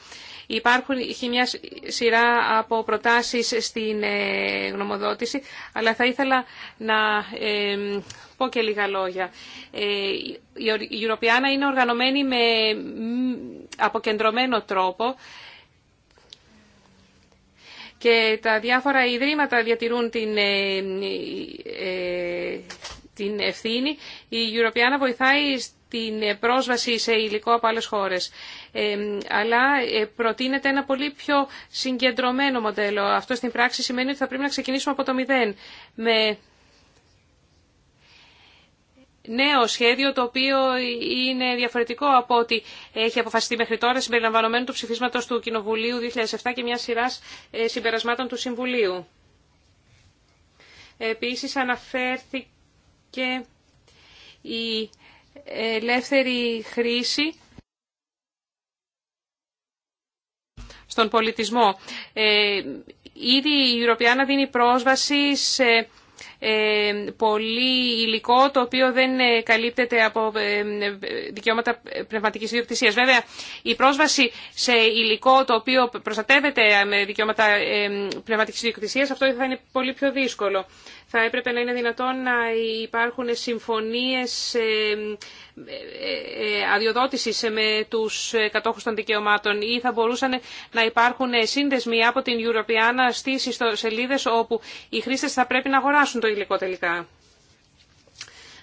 Υπάρχουν μια σειρά από προτάσεις στην ε, γνωμοδότηση, αλλά θα ήθελα να πω και λίγα λόγια. Ε, η Ευρωπιάνα είναι οργανωμένη με αποκεντρωμένο τρόπο και τα διάφορα ιδρύματα διατηρούν την, ε, ε, ε, ευθύνη. Η να βοηθάει την πρόσβαση σε υλικό από άλλες χώρες. αλλά προτείνεται ένα πολύ πιο συγκεντρωμένο μοντέλο. Αυτό στην πράξη σημαίνει ότι θα πρέπει να ξεκινήσουμε από το μηδέν. Με νέο σχέδιο το οποίο είναι διαφορετικό από ό,τι έχει αποφασιστεί μέχρι τώρα συμπεριλαμβανομένου του ψηφίσματος του Κοινοβουλίου 2007 και μια σειρά ε, συμπερασμάτων του Συμβουλίου. Επίσης αναφέρθηκε η ελεύθερη χρήση στον πολιτισμό. Ε, ήδη η Ευρωπαϊκή δίνει πρόσβαση σε ε, πολύ υλικό το οποίο δεν ε, καλύπτεται από ε, δικαιώματα πνευματικής ιδιοκτησίας. Βέβαια, η πρόσβαση σε υλικό το οποίο προστατεύεται με δικαιώματα πνευματικής ιδιοκτησίας, αυτό θα είναι πολύ πιο δύσκολο θα έπρεπε να είναι δυνατόν να υπάρχουν συμφωνίες ε, ε, ε, αδειοδότησης με τους κατόχους των δικαιωμάτων ή θα μπορούσαν να υπάρχουν σύνδεσμοι από την Europeana στις σελίδες όπου οι χρήστες θα πρέπει να αγοράσουν το υλικό τελικά.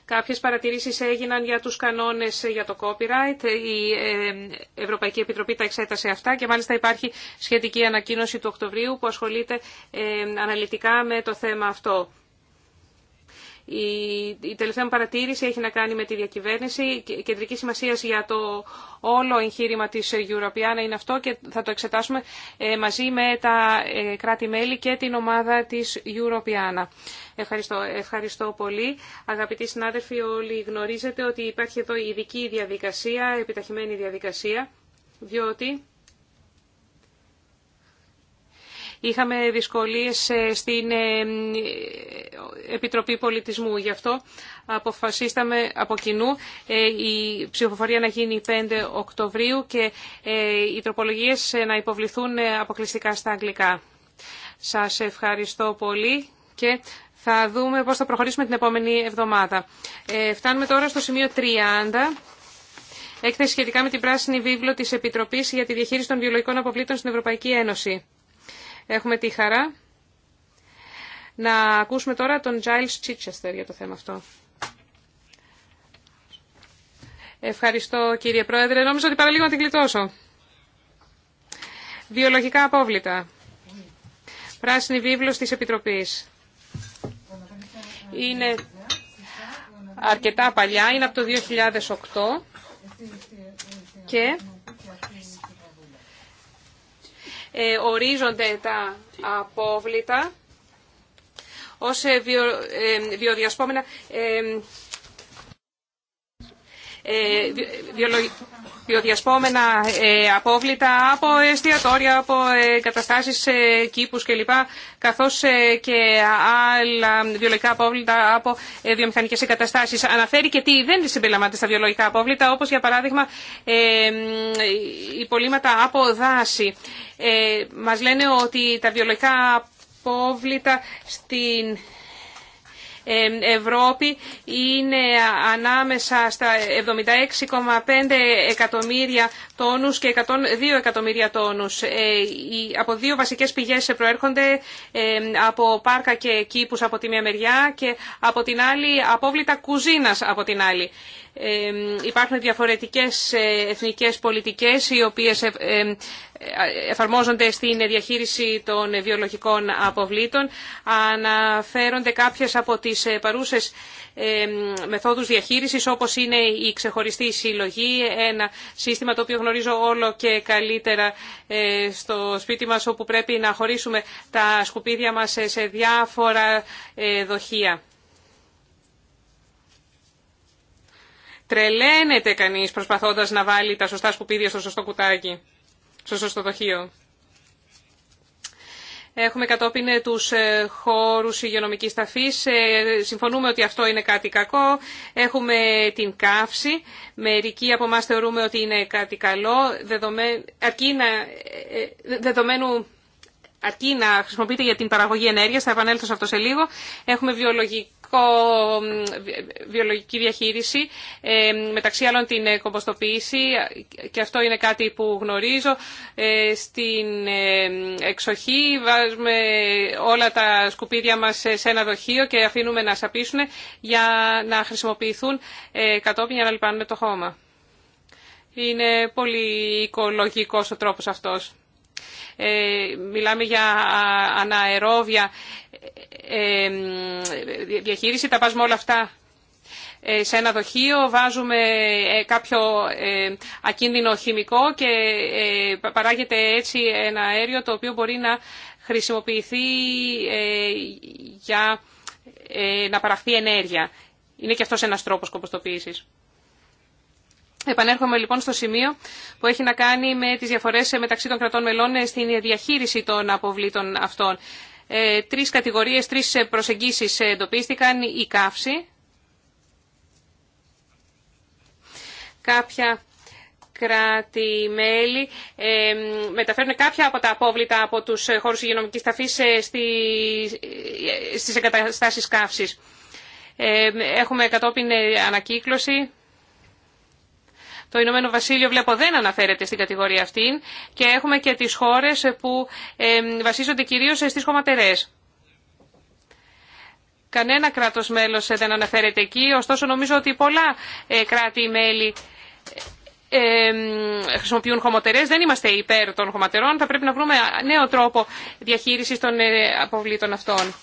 Κάποιες παρατηρήσεις έγιναν για τους κανόνες για το copyright. Η Ευρωπαϊκή Επιτροπή τα εξέτασε αυτά και μάλιστα υπάρχει σχετική ανακοίνωση του Οκτωβρίου που ασχολείται αναλυτικά με το θέμα αυτό. Η τελευταία μου παρατήρηση έχει να κάνει με τη διακυβέρνηση. Κεντρική σημασία για το όλο εγχείρημα της Europeana είναι αυτό και θα το εξετάσουμε ε, μαζί με τα ε, κράτη-μέλη και την ομάδα της Europeana. Ευχαριστώ, ευχαριστώ πολύ. Αγαπητοί συνάδελφοι, όλοι γνωρίζετε ότι υπάρχει εδώ ειδική διαδικασία, επιταχυμένη διαδικασία, διότι Είχαμε δυσκολίες ε, στην ε, Επιτροπή Πολιτισμού. Γι' αυτό αποφασίσαμε από κοινού ε, η ψηφοφορία να γίνει 5 Οκτωβρίου και οι τροπολογίες να υποβληθούν αποκλειστικά στα αγγλικά. Σας ευχαριστώ πολύ και θα δούμε πώς θα προχωρήσουμε την επόμενη εβδομάδα. φτάνουμε τώρα στο σημείο 30. Έκθεση σχετικά με την πράσινη βίβλο της Επιτροπής για τη διαχείριση των βιολογικών αποβλήτων στην Ευρωπαϊκή Ένωση. Έχουμε τη χαρά να ακούσουμε τώρα τον Giles Chichester για το θέμα αυτό. Ευχαριστώ κύριε Πρόεδρε. Νόμιζα ότι παραλίγο να την κλειτώσω. Βιολογικά απόβλητα. Πράσινη βίβλος της Επιτροπής. Είναι αρκετά παλιά, είναι από το 2008 και ε, ορίζονται τα απόβλητα ως ε, ε, βιοδιασπόμενα βιοδιασπόμενα ε, ε, απόβλητα από εστιατόρια, από ε, καταστάσεις κήπους κλπ. καθώς και άλλα βιολογικά απόβλητα από βιομηχανικές εγκαταστάσεις. Αναφέρει και τι δεν συμπεριλαμβάνεται στα βιολογικά απόβλητα, όπως για παράδειγμα υπολείμματα από δάση. Μας λένε ότι τα βιολογικά απόβλητα στην Ευρώπη είναι ανάμεσα στα 76,5 εκατομμύρια τόνους και 102 εκατομμύρια τόνους. Ε, από δύο βασικές πηγές προέρχονται από πάρκα και κήπους από τη μία μεριά και από την άλλη απόβλητα κουζίνας από την άλλη. Υπάρχουν διαφορετικές ε, εθνικές πολιτικές οι οποίες ε, εφαρμόζονται στην διαχείριση των βιολογικών αποβλήτων. Αναφέρονται κάποιες από τις ε, παρούσες ε, μεθόδους διαχείρισης όπως είναι η ξεχωριστή συλλογή, ένα σύστημα το οποίο γνωρίζω όλο και καλύτερα ε, στο σπίτι μας όπου πρέπει να χωρίσουμε τα σκουπίδια μας σε διάφορα δοχεία. Τρελαίνεται κανείς προσπαθώντας να βάλει τα σωστά σκουπίδια στο σωστό κουτάκι στο σωστοδοχείο. Έχουμε κατόπιν ε, τους ε, χώρους υγειονομικής ταφής. Ε, συμφωνούμε ότι αυτό είναι κάτι κακό. Έχουμε την καύση. Μερικοί από εμά θεωρούμε ότι είναι κάτι καλό. Αρκεί να... Δεδομένου... Αρκεί να χρησιμοποιείται για την παραγωγή ενέργειας, θα επανέλθω σε αυτό σε λίγο. Έχουμε βιολογική βιολογική διαχείριση, ε, μεταξύ άλλων την ε, κομποστοποίηση και αυτό είναι κάτι που γνωρίζω. Ε, στην εξοχή βάζουμε όλα τα σκουπίδια μας σε ένα δοχείο και αφήνουμε να σαπίσουν για να χρησιμοποιηθούν κατόπιν για να λιπάνουμε το χώμα. Είναι πολύ οικολογικός ο τρόπος αυτός. Μιλάμε για αναερόβια ε, ε, διαχείριση, τα βάζουμε όλα αυτά ε, σε ένα δοχείο, βάζουμε κάποιο ακίνδυνο χημικό και παράγεται έτσι ένα αέριο το οποίο μπορεί να χρησιμοποιηθεί για να παραχθεί ενέργεια. Είναι και αυτός ένας τρόπος κομποστοποίησης. Επανέρχομαι λοιπόν στο σημείο που έχει να κάνει με τις διαφορές μεταξύ των κρατών μελών στην διαχείριση των αποβλήτων αυτών. Ε, τρεις κατηγορίες, τρεις ε, προσεγγίσεις ε, εντοπίστηκαν. Η καύση, κάποια κράτη-μέλη μεταφέρουν κάποια από τα απόβλητα από τους χώρους υγειονομικής ταφής στις εγκαταστάσεις καύσης. Έχουμε κατόπιν ανακύκλωση. Το Ηνωμένο Βασίλειο βλέπω δεν αναφέρεται στην κατηγορία αυτή και έχουμε και τις χώρες που βασίζονται κυρίως στις χωματερές. Κανένα κράτος μέλος δεν αναφέρεται εκεί, ωστόσο νομίζω ότι πολλά ε, κράτη-μέλη ε, χρησιμοποιούν χωματερές. Δεν είμαστε υπέρ των χωματερών, θα πρέπει να βρούμε νέο τρόπο διαχείρισης των ε, αποβλήτων αυτών.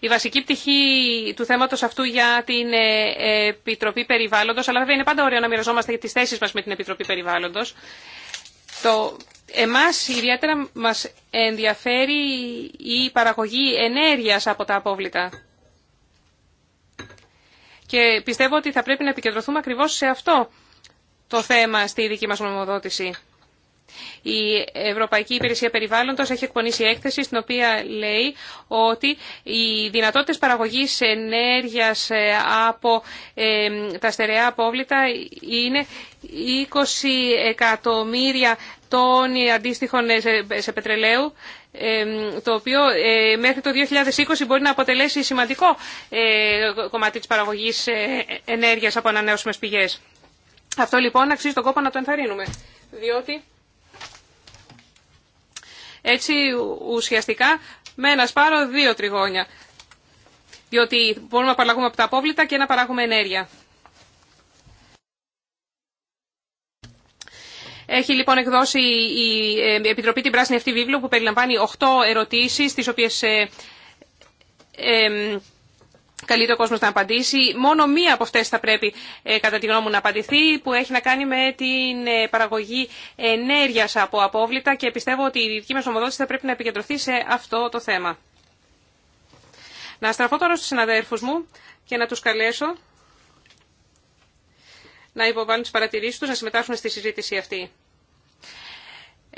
η βασική πτυχή του θέματος αυτού για την ε, Επιτροπή Περιβάλλοντος, αλλά βέβαια είναι πάντα ωραίο να μοιραζόμαστε τις θέσει μας με την Επιτροπή Περιβάλλοντος. Το εμάς ιδιαίτερα μας ενδιαφέρει η παραγωγή ενέργειας από τα απόβλητα. Και πιστεύω ότι θα πρέπει να επικεντρωθούμε ακριβώς σε αυτό το θέμα στη δική μας νομοδότηση. Η Ευρωπαϊκή Υπηρεσία Περιβάλλοντο έχει εκπονήσει έκθεση στην οποία λέει ότι οι δυνατότητε παραγωγή ενέργειας ε, από ε, τα στερεά απόβλητα είναι 20 εκατομμύρια τόνοι αντίστοιχων ε, σε πετρελαίου το οποίο μέχρι το 2020 μπορεί να αποτελέσει σημαντικό κομμάτι της παραγωγής ενέργειας από ανανεώσιμες πηγές. Αυτό λοιπόν αξίζει τον κόπο να το ενθαρρύνουμε, διότι έτσι ουσιαστικά με ένα σπάρο δύο τριγώνια. Διότι μπορούμε να παραγούμε από τα απόβλητα και να παράγουμε ενέργεια. Έχει λοιπόν εκδώσει η ε, Επιτροπή την πράσινη αυτή βίβλο που περιλαμβάνει 8 ερωτήσεις τις οποίες ε, ε, καλείται ο κόσμος να απαντήσει. Μόνο μία από αυτές θα πρέπει, ε, κατά τη γνώμη μου, να απαντηθεί, που έχει να κάνει με την ε, παραγωγή ενέργειας από απόβλητα και πιστεύω ότι η δική μας ομοδότηση θα πρέπει να επικεντρωθεί σε αυτό το θέμα. Να στραφώ τώρα στους συναδέρφους μου και να τους καλέσω να υποβάλουν τις παρατηρήσεις τους, να συμμετάσχουν στη συζήτηση αυτή.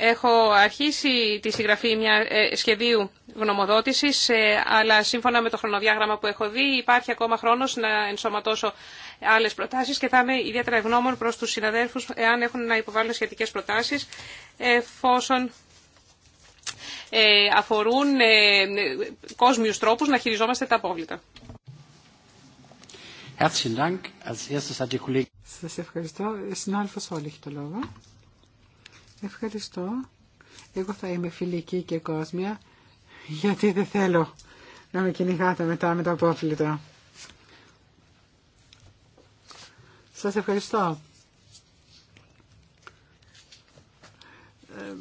Έχω αρχίσει τη συγγραφή μια, ε, σχεδίου γνωμοδότησης, ε, αλλά σύμφωνα με το χρονοδιάγραμμα που έχω δει υπάρχει ακόμα χρόνος να ενσωματώσω άλλες προτάσεις και θα είμαι ιδιαίτερα ευγνώμων προς τους συναδέλφους εάν έχουν να υποβάλουν σχετικές προτάσεις εφόσον ε, αφορούν ε, κόσμιους τρόπους να χειριζόμαστε τα απόβλητα. Σα ευχαριστώ. Συνάδελφος όλοι έχει το λόγο. Ευχαριστώ. Εγώ θα είμαι φιλική και κόσμια, γιατί δεν θέλω να με κυνηγάτε μετά με τα απόφλητα. Σας ευχαριστώ. Ε,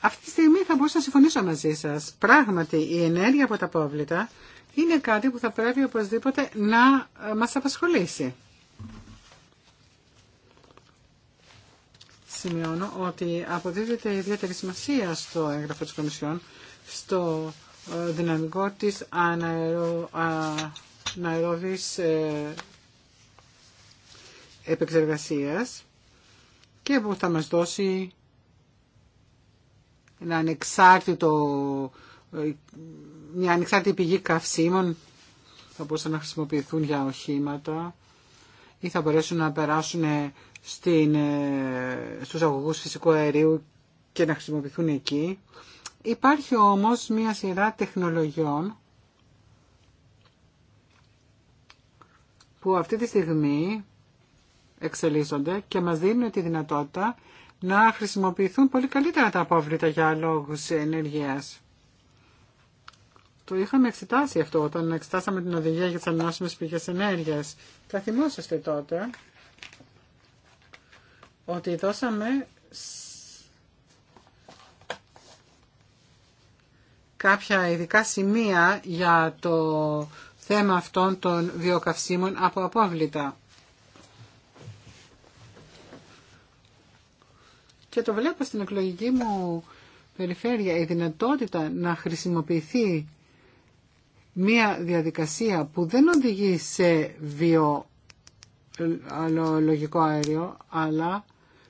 αυτή τη στιγμή θα μπορούσα να συμφωνήσω μαζί σας. Πράγματι, η ενέργεια από τα απόβλητα είναι κάτι που θα πρέπει οπωσδήποτε να ε, μας απασχολήσει. σημειώνω ότι αποδίδεται ιδιαίτερη σημασία στο έγγραφο της Κομισιόν, στο ε, δυναμικό της αναερο, ε, επεξεργασίας και που θα μας δώσει ένα ανεξάρτητο, ε, μια ανεξάρτητη πηγή καυσίμων θα μπορούσαν να χρησιμοποιηθούν για οχήματα ή θα μπορέσουν να περάσουν ε, στην, ε, στους αγωγούς φυσικού αερίου και να χρησιμοποιηθούν εκεί. Υπάρχει όμως μία σειρά τεχνολογιών που αυτή τη στιγμή εξελίσσονται και μας δίνουν τη δυνατότητα να χρησιμοποιηθούν πολύ καλύτερα τα απόβλητα για λόγους ενεργείας. Το είχαμε εξετάσει αυτό όταν εξετάσαμε την οδηγία για τι ανανεώσιμε πηγέ ενέργεια. Θα θυμόσαστε τότε ότι δώσαμε κάποια ειδικά σημεία για το θέμα αυτών των βιοκαυσίμων από απόβλητα. Και το βλέπω στην εκλογική μου περιφέρεια η δυνατότητα να χρησιμοποιηθεί μία διαδικασία που δεν οδηγεί σε βιολογικό αέριο, αλλά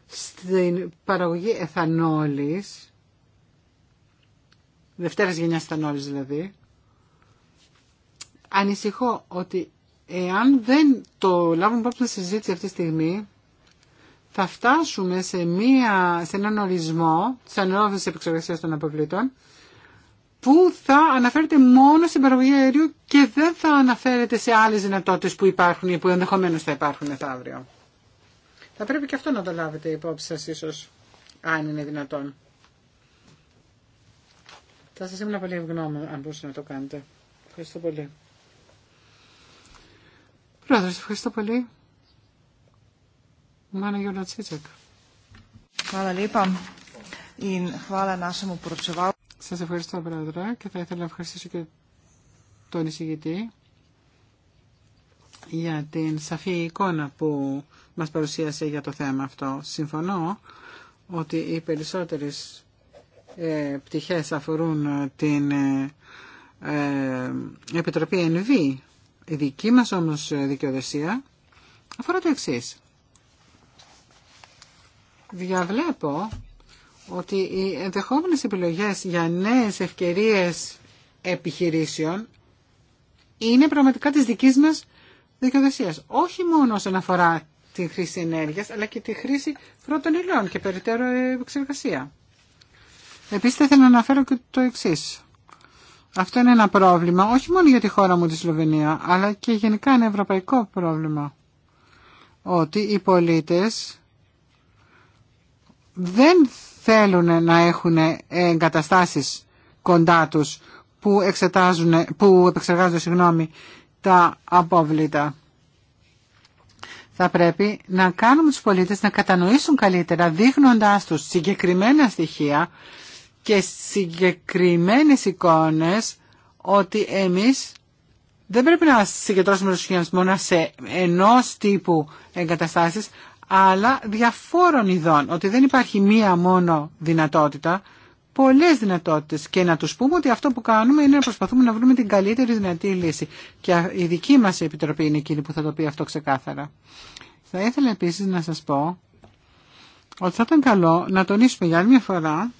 στην παραγωγή εθανόλης, δευτέρας γενιάς εθανόλης δηλαδή, ανησυχώ ότι εάν δεν το λάβουμε υπόψη σε συζήτηση αυτή τη στιγμή, θα φτάσουμε σε, μία, σε έναν ορισμό τη ανώδυνση επεξεργασία των αποβλήτων, που θα αναφέρεται μόνο στην παραγωγή αερίου και δεν θα αναφέρεται σε άλλες δυνατότητες που υπάρχουν ή που ενδεχομένως θα υπάρχουν μετά αύριο. Θα πρέπει και αυτό να το λάβετε υπόψη σας ίσως, αν είναι δυνατόν. Θα σας ήμουν πολύ ευγνώμη αν μπορούσατε να το κάνετε. Ευχαριστώ πολύ. Πρόεδρος, ευχαριστώ πολύ. Μάνα Γιώνα σας ευχαριστώ πρόεδρε και θα ήθελα να ευχαριστήσω και τον εισηγητή για την σαφή εικόνα που μας παρουσίασε για το θέμα αυτό. Συμφωνώ ότι οι περισσότερες ε, πτυχές αφορούν την ε, ε, Επιτροπή ΕΝΒ. Η δική μας όμως δικαιοδοσία αφορά το εξής. Διαβλέπω ότι οι ενδεχόμενες επιλογές για νέες ευκαιρίες επιχειρήσεων είναι πραγματικά της δικής μας δικαιοδοσίας. Όχι μόνο όσον αφορά τη χρήση ενέργειας, αλλά και τη χρήση πρώτων υλών και περιττέρω εξεργασία. Επίσης θα να αναφέρω και το εξής. Αυτό είναι ένα πρόβλημα, όχι μόνο για τη χώρα μου τη Σλοβενία, αλλά και γενικά ένα ευρωπαϊκό πρόβλημα. Ότι οι πολίτες δεν θέλουν να έχουν εγκαταστάσεις κοντά τους που, εξετάζουν, που επεξεργάζονται συγγνώμη, τα απόβλητα. Θα πρέπει να κάνουμε τους πολίτες να κατανοήσουν καλύτερα δείχνοντάς τους συγκεκριμένα στοιχεία και συγκεκριμένες εικόνες ότι εμείς δεν πρέπει να συγκεντρώσουμε τους χιλιάδες μόνο σε ενός τύπου εγκαταστάσεις αλλά διαφόρων ειδών, ότι δεν υπάρχει μία μόνο δυνατότητα, πολλές δυνατότητες και να τους πούμε ότι αυτό που κάνουμε είναι να προσπαθούμε να βρούμε την καλύτερη δυνατή λύση. Και η δική μας επιτροπή είναι εκείνη που θα το πει αυτό ξεκάθαρα. Θα ήθελα επίσης να σας πω ότι θα ήταν καλό να τονίσουμε για άλλη μια φορά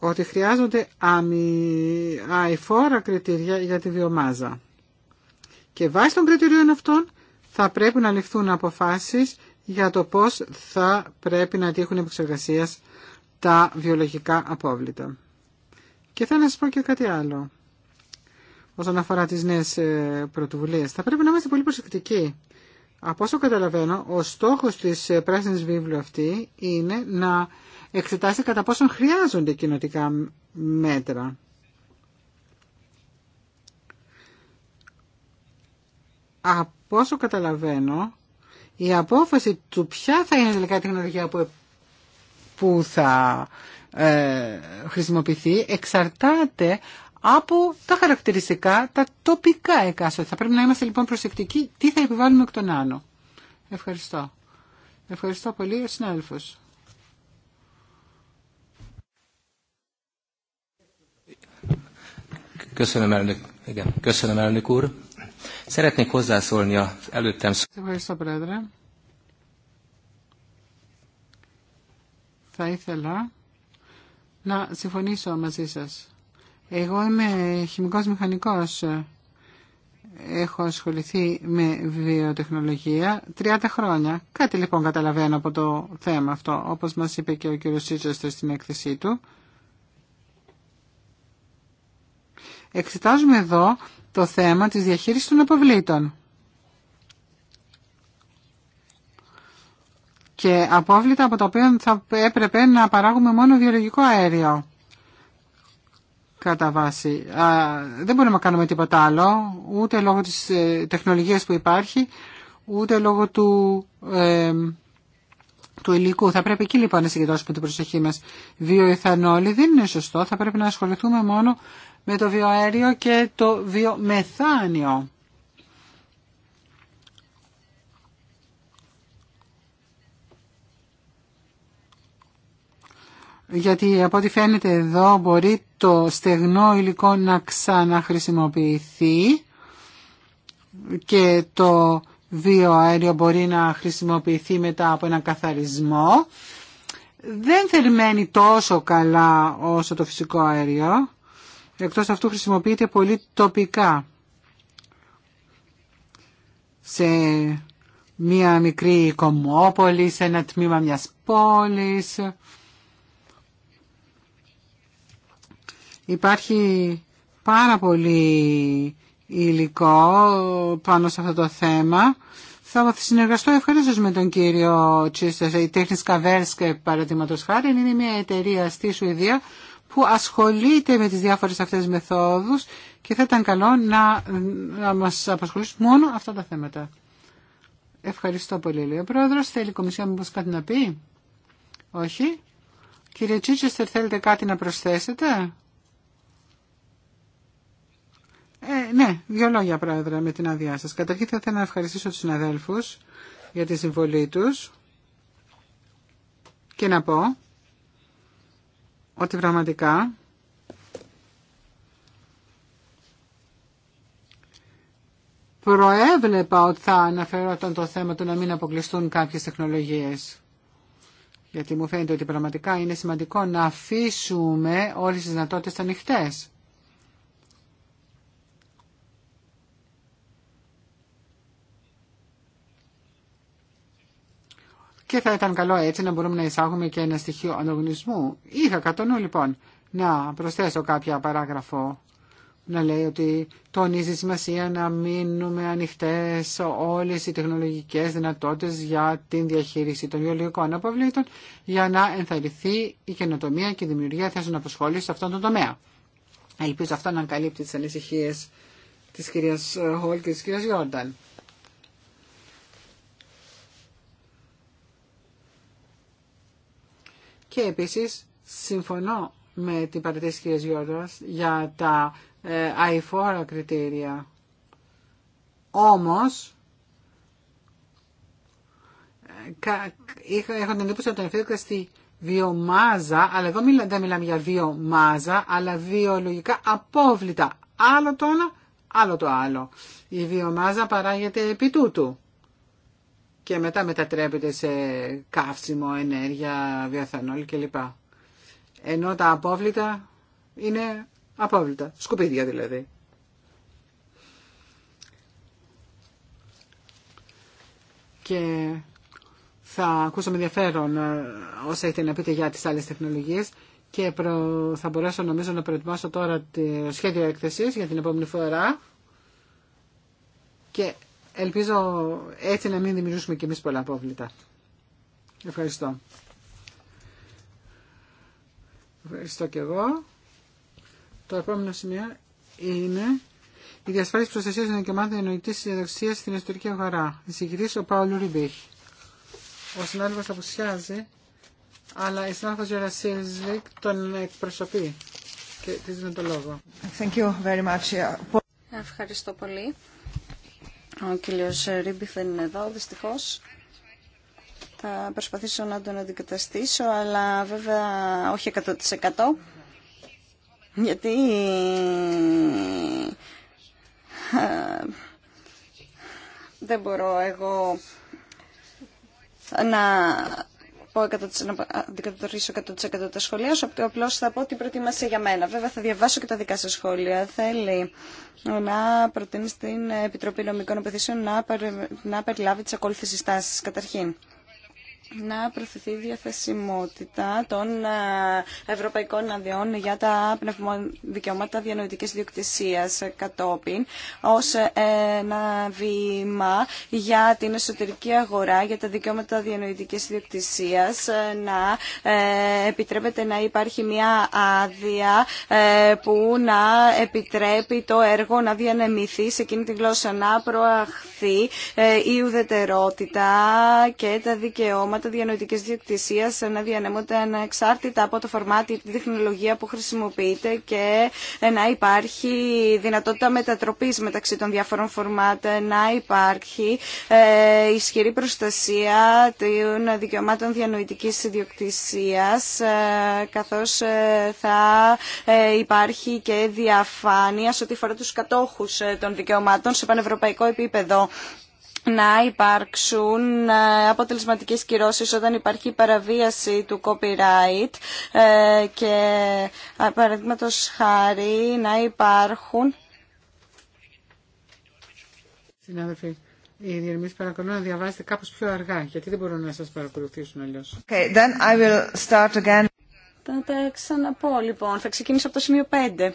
ότι χρειάζονται αηφόρα κριτήρια για τη βιομάζα. Και βάσει των κριτηρίων αυτών θα πρέπει να ληφθούν αποφάσεις για το πώς θα πρέπει να τύχουν επεξεργασίας τα βιολογικά απόβλητα. Και θέλω να σας πω και κάτι άλλο όσον αφορά τις νέες ε, πρωτοβουλίες. Θα πρέπει να είμαστε πολύ προσεκτικοί. Από όσο καταλαβαίνω, ο στόχος της ε, πράσινης βίβλου αυτή είναι να εξετάσει κατά πόσον χρειάζονται κοινοτικά μέτρα. Από όσο καταλαβαίνω, η απόφαση του ποια θα είναι τελικά η τεχνολογία που, που θα ε, χρησιμοποιηθεί εξαρτάται από τα χαρακτηριστικά, τα τοπικά εκάστοτε. Θα πρέπει να είμαστε λοιπόν προσεκτικοί τι θα επιβάλλουμε εκ των άνω. Ευχαριστώ. Ευχαριστώ πολύ ο συνάδελφος. Köszönöm, elnök, Köszönöm, úr. Szeretnék hozzászólni Ευχαριστώ, Πρόεδρε. Θα ήθελα να συμφωνήσω μαζί σας. Εγώ είμαι χημικός μηχανικός. Έχω ασχοληθεί με βιοτεχνολογία 30 χρόνια. Κάτι λοιπόν καταλαβαίνω από το θέμα αυτό, όπως μας είπε και ο κύριος Σίτσεστερ στην έκθεσή του. Εξετάζουμε εδώ το θέμα της διαχείρισης των αποβλήτων. Και απόβλητα από τα οποία θα έπρεπε να παράγουμε μόνο βιολογικό αέριο. Κατά βάση. δεν μπορούμε να κάνουμε τίποτα άλλο, ούτε λόγω της ε, τεχνολογίας που υπάρχει, ούτε λόγω του, ε, του υλικού. Θα πρέπει εκεί λοιπόν να συγκεντρώσουμε την προσοχή μας. Βιοεθανόλη δεν είναι σωστό, θα πρέπει να ασχοληθούμε μόνο με το βιοαέριο και το βιομεθάνιο. γιατί από ό,τι φαίνεται εδώ μπορεί το στεγνό υλικό να ξαναχρησιμοποιηθεί και το βιοαέριο μπορεί να χρησιμοποιηθεί μετά από ένα καθαρισμό. Δεν θερμαίνει τόσο καλά όσο το φυσικό αέριο εκτός αυτού χρησιμοποιείται πολύ τοπικά σε μία μικρή κομμόπολη, σε ένα τμήμα μιας πόλης. Υπάρχει πάρα πολύ υλικό πάνω σε αυτό το θέμα. Θα συνεργαστώ ευχαρίστως με τον κύριο Τσίστας. Η Τέχνης Καβέρσκε, παραδείγματος χάρη, είναι μια εταιρεία στη Σουηδία που ασχολείται με τις διάφορες αυτές μεθόδους και θα ήταν καλό να, να μας απασχολήσει μόνο αυτά τα θέματα. Ευχαριστώ πολύ, λέει ο Πρόεδρος. Θέλει η Κομισιά κάτι να πει? Όχι. Κύριε Τσίτσεστερ, θέλετε κάτι να προσθέσετε? Ε, ναι, δύο λόγια, Πρόεδρε, με την άδειά σας. Καταρχήν θα ήθελα να ευχαριστήσω τους συναδέλφους για τη συμβολή τους και να πω ότι πραγματικά προέβλεπα ότι θα αναφερόταν το θέμα του να μην αποκλειστούν κάποιες τεχνολογίες. Γιατί μου φαίνεται ότι πραγματικά είναι σημαντικό να αφήσουμε όλες τις δυνατότητες ανοιχτές. Και θα ήταν καλό έτσι να μπορούμε να εισάγουμε και ένα στοιχείο ανταγωνισμού. Είχα κατά νου λοιπόν να προσθέσω κάποια παράγραφο να λέει ότι τονίζει σημασία να μείνουμε ανοιχτέ όλε οι τεχνολογικέ δυνατότητε για την διαχείριση των βιολογικών αποβλήτων για να ενθαρρυνθεί η καινοτομία και η δημιουργία θέσεων αποσχόληση σε αυτόν τον τομέα. Ελπίζω αυτό να καλύπτει τις ανησυχίε τη κυρία Χολ και τη κυρία Γιόρνταν. Και επίσης συμφωνώ με την παρατήρηση της για τα ε, αηφόρα κριτήρια. Όμως, έχω την εντύπωση ότι στη βιομάζα, αλλά εδώ δεν μιλάμε για βιομάζα, αλλά βιολογικά απόβλητα. Άλλο το ένα, άλλο το άλλο. Η βιομάζα παράγεται επί τούτου και μετά μετατρέπεται σε καύσιμο, ενέργεια, βιοθανόλ κλπ. Ενώ τα απόβλητα είναι απόβλητα, σκουπίδια δηλαδή. Και θα ακούσω με ενδιαφέρον ε, όσα έχετε να πείτε για τις άλλες τεχνολογίες και θα μπορέσω νομίζω να προετοιμάσω τώρα το σχέδιο έκθεσης για την επόμενη φορά και Ελπίζω έτσι να μην δημιουργήσουμε κι εμείς πολλά απόβλητα. Ευχαριστώ. Ευχαριστώ κι εγώ. Το επόμενο σημείο είναι η διασφάλιση προστασία των δικαιωμάτων εννοητή συνεργασία στην εσωτερική αγορά. Εισηγητή ο Παύλου Ριμπίχ. Ο συνάδελφο απουσιάζει, αλλά η συνάδελφο Γερασίλικ τον εκπροσωπεί και τη δίνει το λόγο. Ευχαριστώ πολύ. Ο κύριος Ρίμπιχ δεν είναι εδώ, δυστυχώς. Θα προσπαθήσω να τον αντικαταστήσω, αλλά βέβαια όχι 100%. Γιατί ε, δεν μπορώ εγώ να πω 100%, αντικατορίσω 100% τα σχολεία σου, απλώ θα πω την προετοιμασία για μένα. Βέβαια θα διαβάσω και τα δικά σα σχόλια. Θέλει να προτείνει στην Επιτροπή Νομικών Επιθέσεων να, περιλάβει τι ακόλουθες συστάσεις. Καταρχήν, να προθεθεί η διαθεσιμότητα των ε, ευρωπαϊκών αδειών για τα δικαιώματα διανοητικής διοκτησίας κατόπιν ως ε, ένα βήμα για την εσωτερική αγορά για τα δικαιώματα διανοητικής διοκτησίας ε, να επιτρέπεται να υπάρχει μια άδεια που να επιτρέπει το έργο να διανεμηθεί σε εκείνη την γλώσσα να προαχθεί η ουδετερότητα και τα δικαιώματα τα διανοητική διοκτησία να διανέμονται ανεξάρτητα από το φορμάτι ή την τεχνολογία που χρησιμοποιείται και να υπάρχει δυνατότητα μετατροπή μεταξύ των διάφορων φορμάτων να υπάρχει ε, ισχυρή προστασία των δικαιωμάτων διανοητική ιδιοκτησία, ε, καθώ ε, θα υπάρχει και διαφάνεια σε ό,τι αφορά του κατόχου των δικαιωμάτων σε πανευρωπαϊκό επίπεδο να υπάρξουν ε, αποτελεσματικές κυρώσεις όταν υπάρχει παραβίαση του copyright ε, και παραδείγματος χάρη να υπάρχουν Συνάδελφοι, οι διερμήσεις παρακολούν να διαβάσετε κάπως πιο αργά, γιατί δεν μπορούν να σας παρακολουθήσουν αλλιώς. Okay, then I will start again. Θα τα ξαναπώ λοιπόν. Θα ξεκινήσω από το σημείο 5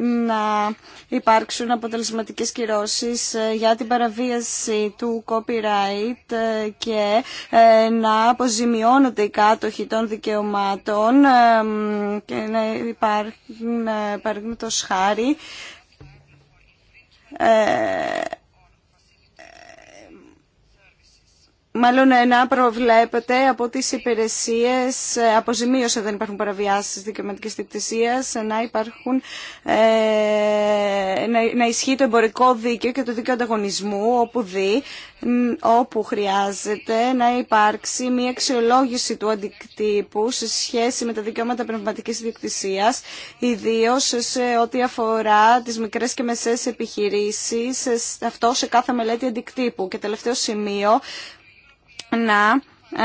να υπάρξουν αποτελεσματικές κυρώσεις ε, για την παραβίαση του copyright ε, και ε, να αποζημιώνονται οι κάτοχοι των δικαιωμάτων και να υπάρχουν, παραδείγματος χάρη, Μάλλον ένα προβλέπεται από τις υπηρεσίες ε, αποζημίωση δεν υπάρχουν παραβιάσεις δικαιωματικής διεκτησίας να, υπάρχουν, ε, να, να, ισχύει το εμπορικό δίκαιο και το δίκαιο ανταγωνισμού όπου χρειάζεται να υπάρξει μια αξιολόγηση του αντικτύπου σε σχέση με τα δικαιώματα πνευματικής διεκτησίας ιδίως σε ό,τι αφορά τις μικρές και μεσαίες επιχειρήσεις, αυτό σε κάθε μελέτη αντικτύπου. Και τελευταίο σημείο, να ε,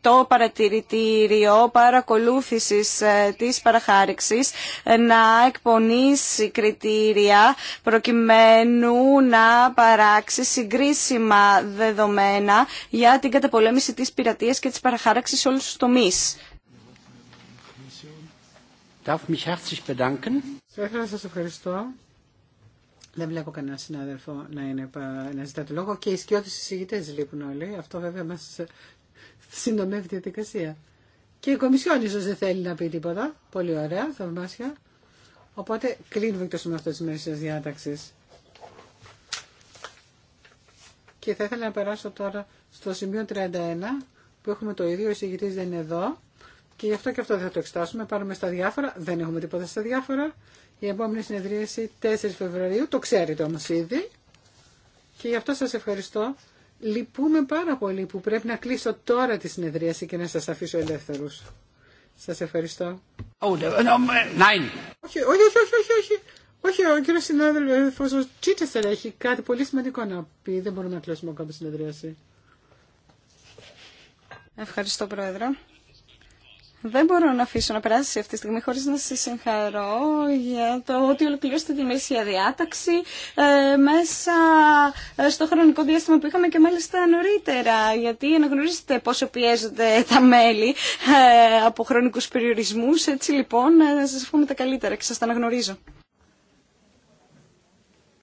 το παρατηρητήριο παρακολούθησης ε, της παραχάρηξης ε, να εκπονήσει κριτήρια προκειμένου να παράξει συγκρίσιμα δεδομένα για την καταπολέμηση της πειρατείας και της παραχάραξης σε όλους τους τομείς. Θα ήθελα να δεν βλέπω κανένα συνάδελφο να, είναι, να ζητά το λόγο και οι σκιώτες συζητητές λείπουν όλοι. Αυτό βέβαια μας συντομεύει τη διαδικασία. Και η Κομισιόν ίσως δεν θέλει να πει τίποτα. Πολύ ωραία, θαυμάσια. Οπότε κλείνουμε το σημείο αυτό της μέσης διάταξης. Και θα ήθελα να περάσω τώρα στο σημείο 31 που έχουμε το ίδιο, ο εισηγητής δεν είναι εδώ. Και γι' αυτό και αυτό δεν θα το εξετάσουμε. Πάμε στα διάφορα. Δεν έχουμε τίποτα στα διάφορα. Η επόμενη συνεδρίαση 4 Φεβρουαρίου. Το ξέρετε όμω ήδη. Και γι' αυτό σα ευχαριστώ. Λυπούμε πάρα πολύ που πρέπει να κλείσω τώρα τη συνεδρίαση και να σα αφήσω ελεύθερου. Σα ευχαριστώ. Όχι, όχι, όχι, όχι, όχι. Όχι, ο κύριο συνάδελφο ο έχει κάτι πολύ σημαντικό να πει. Δεν μπορούμε να κλείσουμε ακόμα τη συνεδρίαση. Ευχαριστώ, Πρόεδρε. Δεν μπορώ να αφήσω να περάσει αυτή τη στιγμή χωρίς να σας συγχαρώ για το ότι ολοκληρώσετε τη μέσια διάταξη ε, μέσα ε, στο χρονικό διάστημα που είχαμε και μάλιστα νωρίτερα γιατί αναγνωρίζετε πόσο πιέζονται τα μέλη ε, από χρονικούς περιορισμούς. Έτσι λοιπόν ε, σας πούμε τα καλύτερα και σας τα αναγνωρίζω.